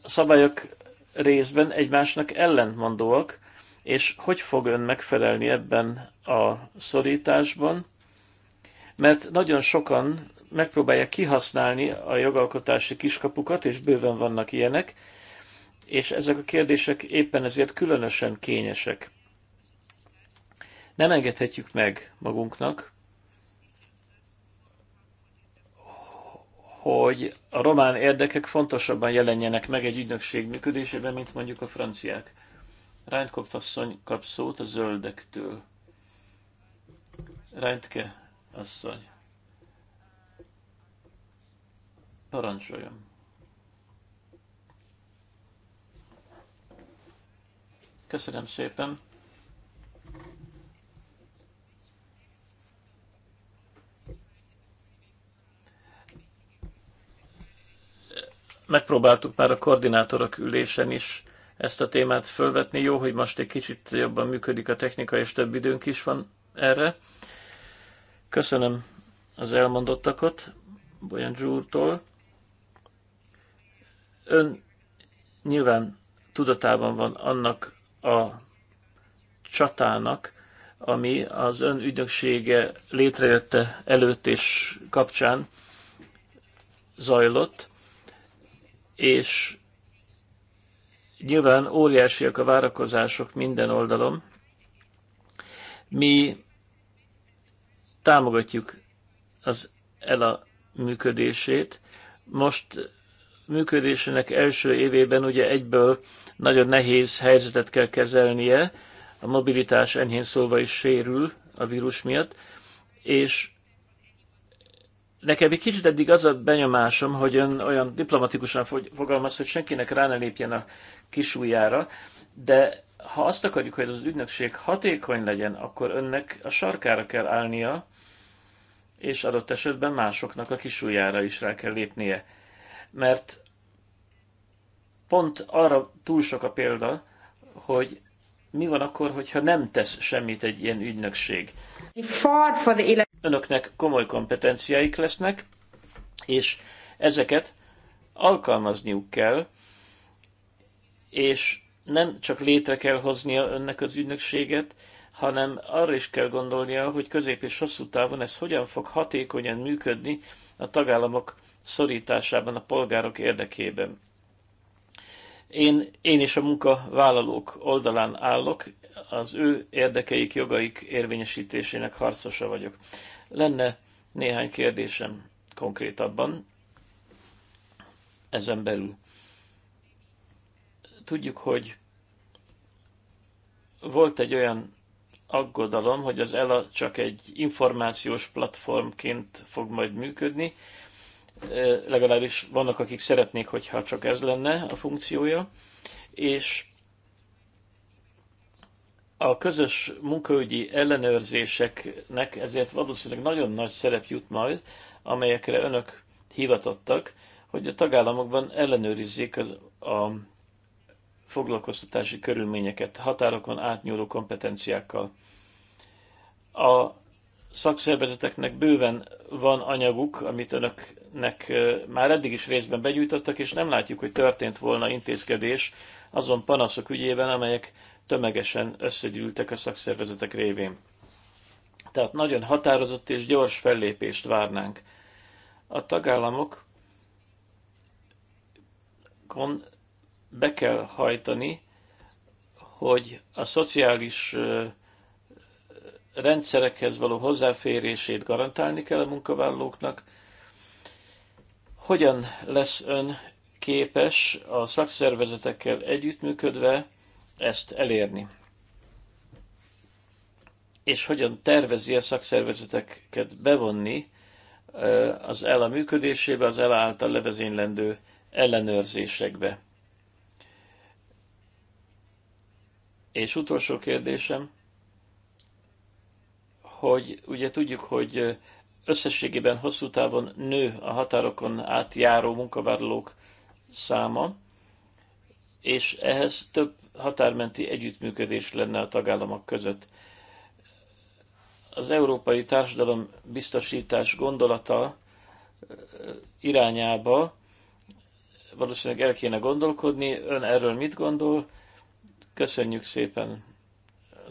A szabályok részben egymásnak ellentmondóak, és hogy fog ön megfelelni ebben a szorításban, mert nagyon sokan megpróbálják kihasználni a jogalkotási kiskapukat, és bőven vannak ilyenek, és ezek a kérdések éppen ezért különösen kényesek. Nem engedhetjük meg magunknak, hogy a román érdekek fontosabban jelenjenek meg egy ügynökség működésében, mint mondjuk a franciák. Reintkopf asszony kap szót a zöldektől. Reintke asszony. Parancsoljon. Köszönöm szépen. Megpróbáltuk már a koordinátorok ülésen is ezt a témát fölvetni. Jó, hogy most egy kicsit jobban működik a technika, és több időnk is van erre. Köszönöm az elmondottakat Bolyan Zsúrtól. Ön nyilván tudatában van annak, a csatának, ami az ön ügynöksége létrejötte előtt és kapcsán zajlott, és nyilván óriásiak a várakozások minden oldalon. Mi támogatjuk az ELA működését. Most működésének első évében ugye egyből nagyon nehéz helyzetet kell kezelnie, a mobilitás enyhén szólva is sérül a vírus miatt, és nekem egy kicsit eddig az a benyomásom, hogy ön olyan diplomatikusan fogalmaz, hogy senkinek rá ne lépjen a ujjára, de ha azt akarjuk, hogy az ügynökség hatékony legyen, akkor önnek a sarkára kell állnia, és adott esetben másoknak a kisújára is rá kell lépnie mert pont arra túl sok a példa, hogy mi van akkor, hogyha nem tesz semmit egy ilyen ügynökség. Önöknek komoly kompetenciáik lesznek, és ezeket alkalmazniuk kell, és nem csak létre kell hoznia önnek az ügynökséget, hanem arra is kell gondolnia, hogy közép és hosszú távon ez hogyan fog hatékonyan működni a tagállamok szorításában a polgárok érdekében. Én, én is a munkavállalók oldalán állok, az ő érdekeik, jogaik érvényesítésének harcosa vagyok. Lenne néhány kérdésem konkrétabban ezen belül. Tudjuk, hogy volt egy olyan aggodalom, hogy az ELA csak egy információs platformként fog majd működni, legalábbis vannak, akik szeretnék, hogyha csak ez lenne a funkciója, és a közös munkaügyi ellenőrzéseknek ezért valószínűleg nagyon nagy szerep jut majd, amelyekre önök hivatottak, hogy a tagállamokban ellenőrizzék az, a foglalkoztatási körülményeket határokon átnyúló kompetenciákkal. A szakszervezeteknek bőven van anyaguk, amit önök nek már eddig is részben begyűjtöttek, és nem látjuk, hogy történt volna intézkedés azon panaszok ügyében, amelyek tömegesen összegyűltek a szakszervezetek révén. Tehát nagyon határozott és gyors fellépést várnánk. A tagállamok be kell hajtani, hogy a szociális rendszerekhez való hozzáférését garantálni kell a munkavállalóknak, hogyan lesz ön képes a szakszervezetekkel együttműködve ezt elérni? És hogyan tervezi a szakszervezeteket bevonni az ELA működésébe, az ELA által levezénylendő ellenőrzésekbe? És utolsó kérdésem, hogy ugye tudjuk, hogy összességében hosszú távon nő a határokon átjáró munkavállalók száma, és ehhez több határmenti együttműködés lenne a tagállamok között. Az európai társadalom biztosítás gondolata irányába valószínűleg el kéne gondolkodni. Ön erről mit gondol? Köszönjük szépen!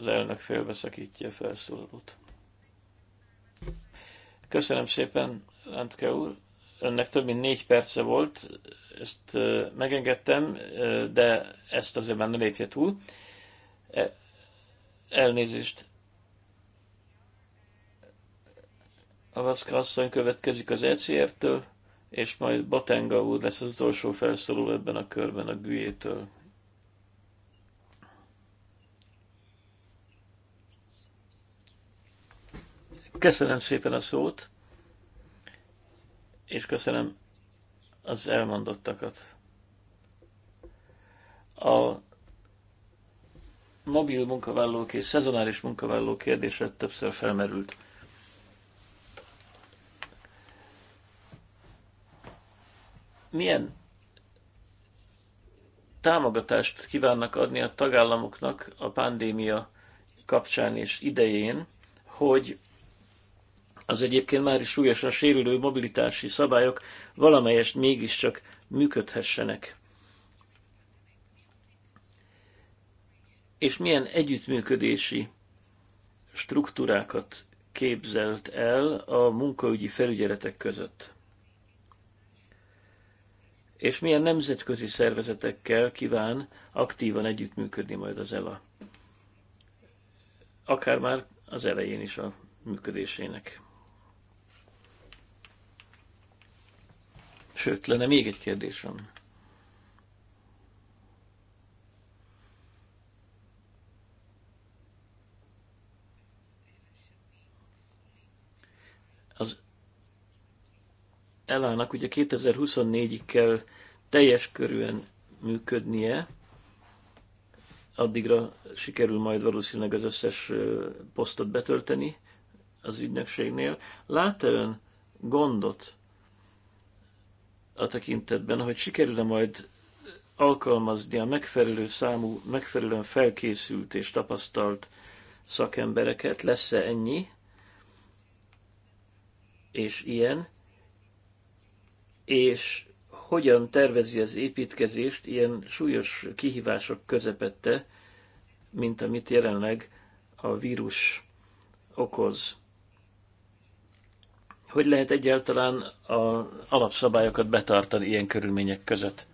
Az elnök félbeszakítja a felszólalót. Köszönöm szépen, Lentke úr. Önnek több mint négy perce volt, ezt megengedtem, de ezt azért már ne lépje túl. E, elnézést. A Vaszka asszony következik az ECR-től, és majd Batenga úr lesz az utolsó felszóló ebben a körben a Güjétől. Köszönöm szépen a szót, és köszönöm az elmondottakat. A mobil munkavállalók és szezonális munkavállalók kérdése többször felmerült. Milyen támogatást kívánnak adni a tagállamoknak a pandémia kapcsán és idején, hogy az egyébként már is súlyosan sérülő mobilitási szabályok valamelyest mégiscsak működhessenek. És milyen együttműködési struktúrákat képzelt el a munkaügyi felügyeletek között? És milyen nemzetközi szervezetekkel kíván aktívan együttműködni majd az ELA? Akár már az elején is a működésének. Sőt, lenne még egy kérdésem. Az elának ugye 2024-ig kell teljes körűen működnie, addigra sikerül majd valószínűleg az összes posztot betölteni az ügynökségnél. Lát-e ön gondot a tekintetben, hogy sikerül-e majd alkalmazni a megfelelő számú, megfelelően felkészült és tapasztalt szakembereket, lesz-e ennyi, és ilyen, és hogyan tervezi az építkezést ilyen súlyos kihívások közepette, mint amit jelenleg a vírus okoz hogy lehet egyáltalán az alapszabályokat betartani ilyen körülmények között.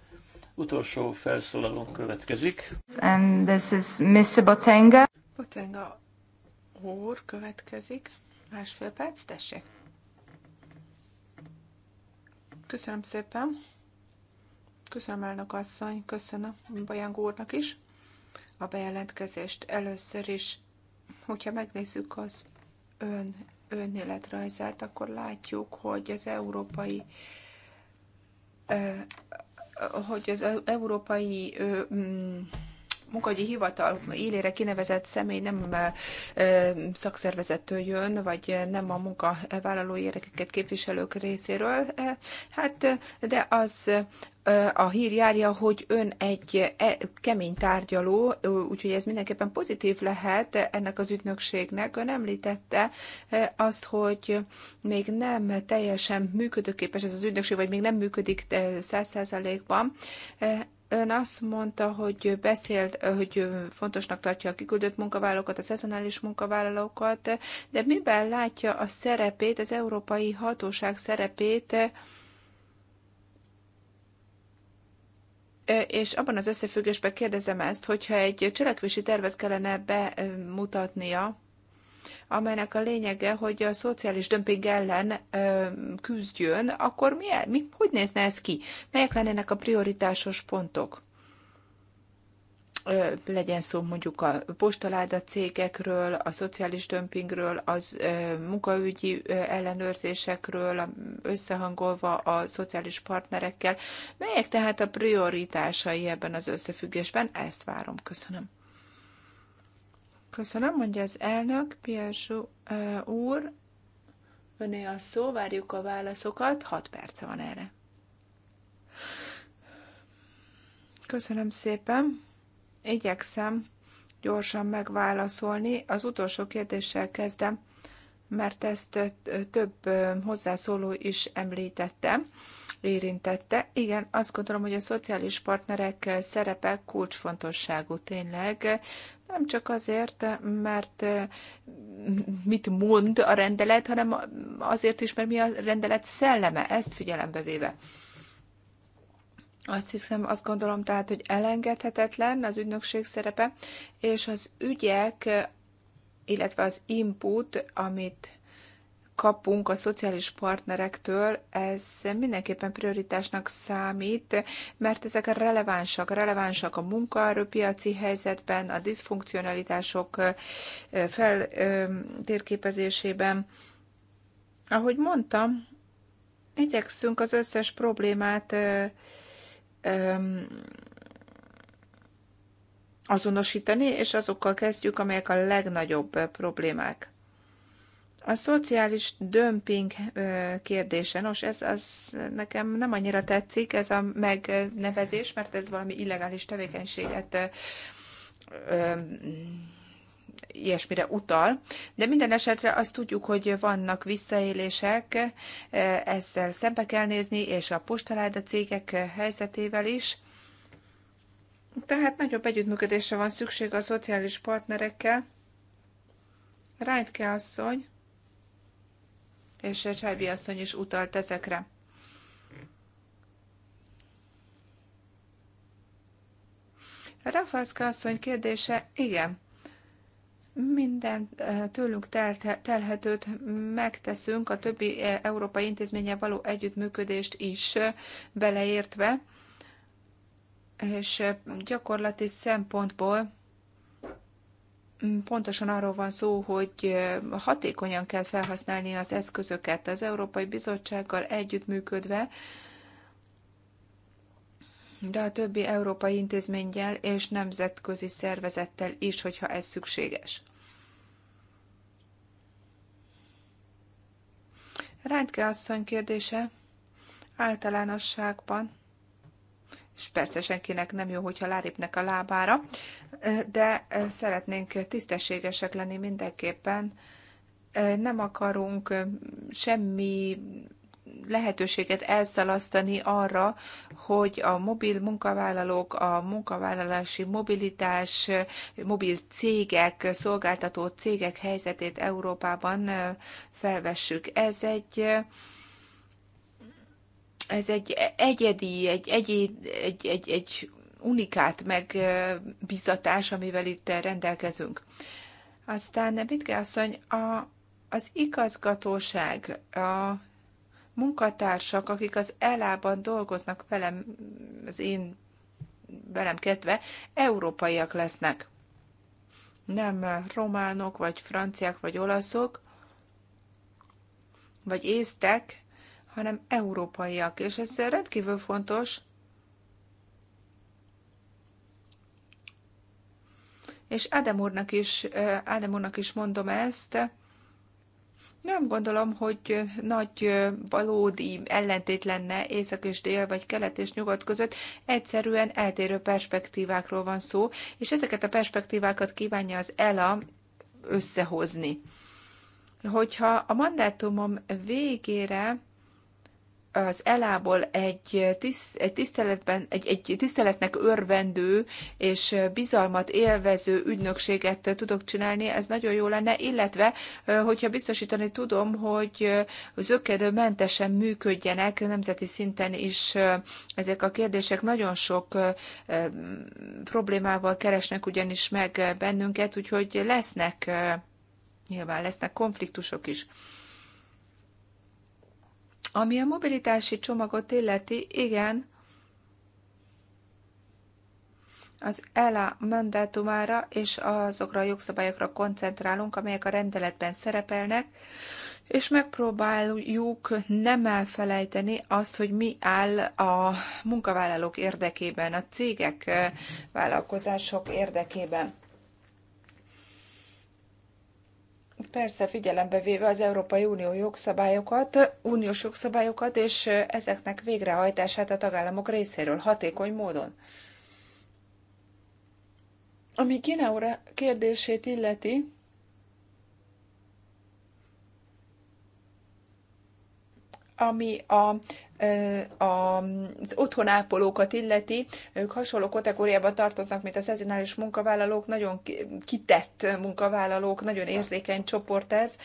Utolsó felszólalónk következik. And this is Miss Botenga. Botenga úr következik. Másfél perc, tessék. Köszönöm szépen. Köszönöm elnök asszony, köszönöm Bajang úrnak is a bejelentkezést. Először is, hogyha megnézzük az ön önéletrajzát, akkor látjuk, hogy az európai hogy az e-, európai mm, munkahogyi hivatal élére kinevezett személy nem szakszervezettől jön, vagy nem a munkavállaló érdekeket képviselők részéről, hát de az a hír járja, hogy ön egy e, kemény tárgyaló, úgyhogy ez mindenképpen pozitív lehet ennek az ügynökségnek. Ön említette azt, hogy még nem teljesen működőképes ez az ügynökség, vagy még nem működik száz százalékban. Ön azt mondta, hogy beszélt, hogy fontosnak tartja a kiküldött munkavállalókat, a szezonális munkavállalókat, de miben látja a szerepét, az európai hatóság szerepét, és abban az összefüggésben kérdezem ezt, hogyha egy cselekvési tervet kellene bemutatnia, amelynek a lényege, hogy a szociális dömping ellen ö, küzdjön, akkor mi, mi, hogy nézne ez ki? Melyek lennének a prioritásos pontok? legyen szó mondjuk a postaláda cégekről, a szociális dömpingről, az munkaügyi ellenőrzésekről, összehangolva a szociális partnerekkel. Melyek tehát a prioritásai ebben az összefüggésben? Ezt várom. Köszönöm. Köszönöm, mondja az elnök, Piazsó uh, úr. Öné a szó, várjuk a válaszokat, 6 perce van erre. Köszönöm szépen. Igyekszem gyorsan megválaszolni. Az utolsó kérdéssel kezdem, mert ezt több hozzászóló is említette, érintette. Igen, azt gondolom, hogy a szociális partnerek szerepe kulcsfontosságú tényleg nem csak azért, mert mit mond a rendelet, hanem azért is, mert mi a rendelet szelleme, ezt figyelembe véve. Azt hiszem, azt gondolom tehát, hogy elengedhetetlen az ügynökség szerepe, és az ügyek, illetve az input, amit kapunk a szociális partnerektől, ez mindenképpen prioritásnak számít, mert ezek relevánsak, relevánsak a munkaerőpiaci helyzetben, a diszfunkcionalitások feltérképezésében. Ahogy mondtam, igyekszünk az összes problémát azonosítani, és azokkal kezdjük, amelyek a legnagyobb problémák. A szociális dömping kérdése, nos, ez az nekem nem annyira tetszik, ez a megnevezés, mert ez valami illegális tevékenységet ilyesmire utal, de minden esetre azt tudjuk, hogy vannak visszaélések, ezzel szembe kell nézni, és a postaláda cégek helyzetével is. Tehát nagyobb együttműködésre van szükség a szociális partnerekkel. kell asszony és Csábi asszony is utalt ezekre. Rafaszka asszony kérdése, igen, minden eh, tőlünk telhetőt megteszünk, a többi eh, európai intézménye való együttműködést is eh, beleértve, és gyakorlati szempontból Mm, pontosan arról van szó, hogy hatékonyan kell felhasználni az eszközöket az Európai Bizottsággal együttműködve, de a többi európai intézménnyel és nemzetközi szervezettel is, hogyha ez szükséges. Rántke asszony kérdése általánosságban és persze senkinek nem jó, hogyha lárépnek a lábára, de szeretnénk tisztességesek lenni mindenképpen. Nem akarunk semmi lehetőséget elszalasztani arra, hogy a mobil munkavállalók, a munkavállalási mobilitás, mobil cégek, szolgáltató cégek helyzetét Európában felvessük. Ez egy ez egy egyedi, egy, egy, egy, egy, egy unikát megbizatás, amivel itt rendelkezünk. Aztán Bitke asszony, a, az igazgatóság, a munkatársak, akik az elában dolgoznak velem, az én velem kezdve, európaiak lesznek. Nem románok, vagy franciák, vagy olaszok, vagy észtek, hanem európaiak, és ez rendkívül fontos, és Ádám úrnak is, Ádám úrnak is mondom ezt, nem gondolom, hogy nagy valódi ellentét lenne észak és dél, vagy kelet és nyugat között. Egyszerűen eltérő perspektívákról van szó, és ezeket a perspektívákat kívánja az ELA összehozni. Hogyha a mandátumom végére az elából egy, tiszt, egy, tiszteletben, egy, egy tiszteletnek örvendő és bizalmat élvező ügynökséget tudok csinálni, ez nagyon jó lenne, illetve hogyha biztosítani tudom, hogy zöggenőmentesen működjenek nemzeti szinten is ezek a kérdések. Nagyon sok problémával keresnek ugyanis meg bennünket, úgyhogy lesznek, nyilván lesznek konfliktusok is. Ami a mobilitási csomagot illeti, igen, az ELA mandátumára és azokra a jogszabályokra koncentrálunk, amelyek a rendeletben szerepelnek, és megpróbáljuk nem elfelejteni azt, hogy mi áll a munkavállalók érdekében, a cégek, eh, vállalkozások érdekében. persze figyelembe véve az Európai Unió jogszabályokat, uniós jogszabályokat, és ezeknek végrehajtását a tagállamok részéről hatékony módon. Ami Kína kérdését illeti, ami a az otthonápolókat illeti, ők hasonló kategóriába tartoznak, mint a szezonális munkavállalók, nagyon kitett munkavállalók, nagyon érzékeny csoport ez.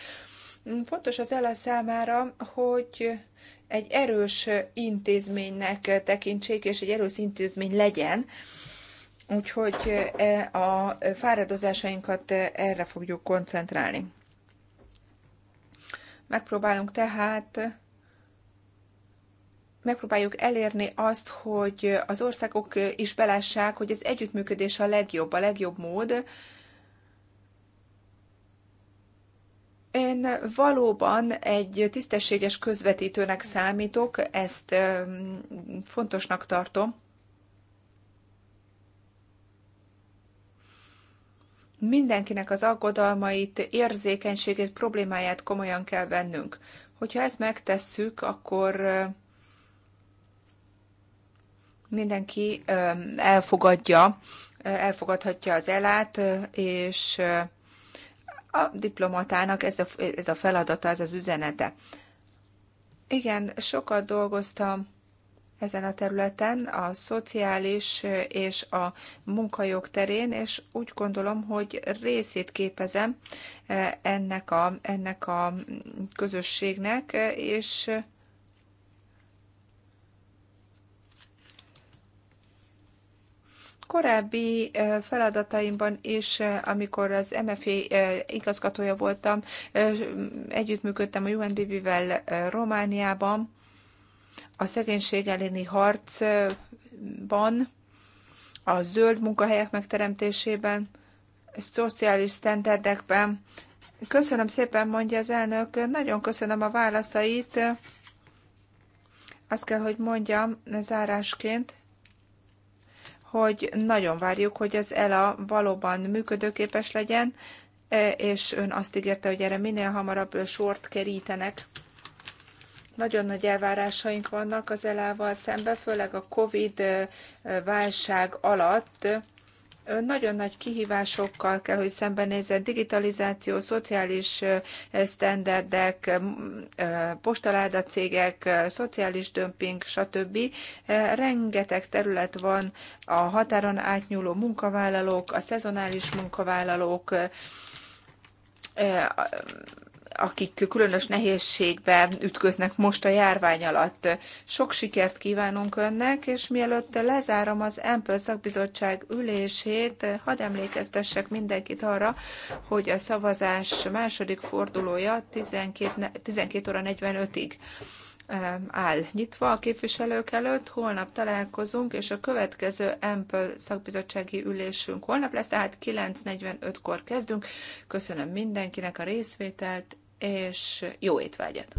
Fontos az ELA számára, hogy egy erős intézménynek tekintsék, és egy erős intézmény legyen, Úgyhogy a fáradozásainkat erre fogjuk koncentrálni. Megpróbálunk tehát megpróbáljuk elérni azt, hogy az országok is belássák, hogy az együttműködés a legjobb, a legjobb mód. Én valóban egy tisztességes közvetítőnek számítok, ezt fontosnak tartom. Mindenkinek az aggodalmait, érzékenységét, problémáját komolyan kell vennünk. Hogyha ezt megtesszük, akkor mindenki elfogadja, elfogadhatja az elát, és a diplomatának ez a, ez a feladata, ez az üzenete. Igen, sokat dolgoztam ezen a területen, a szociális és a munkajog terén, és úgy gondolom, hogy részét képezem ennek a, ennek a közösségnek, és korábbi feladataimban is, amikor az MFA igazgatója voltam, együttműködtem a UNDP-vel Romániában, a szegénység elleni harcban, a zöld munkahelyek megteremtésében, szociális standardekben. Köszönöm szépen, mondja az elnök, nagyon köszönöm a válaszait. Azt kell, hogy mondjam zárásként, hogy nagyon várjuk, hogy az ELA valóban működőképes legyen, e, és ön azt ígérte, hogy erre minél hamarabb sort kerítenek. Nagyon nagy elvárásaink vannak az elával szemben, főleg a COVID e, válság alatt nagyon nagy kihívásokkal kell, hogy szembenézzen digitalizáció, szociális sztenderdek, postaláda cégek, szociális dömping, stb. Rengeteg terület van a határon átnyúló munkavállalók, a szezonális munkavállalók, akik különös nehézségbe ütköznek most a járvány alatt. Sok sikert kívánunk önnek, és mielőtt lezárom az EMPL szakbizottság ülését, hadd emlékeztessek mindenkit arra, hogy a szavazás második fordulója 12, 12 óra 45-ig eh, áll nyitva a képviselők előtt. Holnap találkozunk, és a következő EMPL szakbizottsági ülésünk holnap lesz, tehát 9.45-kor kezdünk. Köszönöm mindenkinek a részvételt, és jó étvágyat!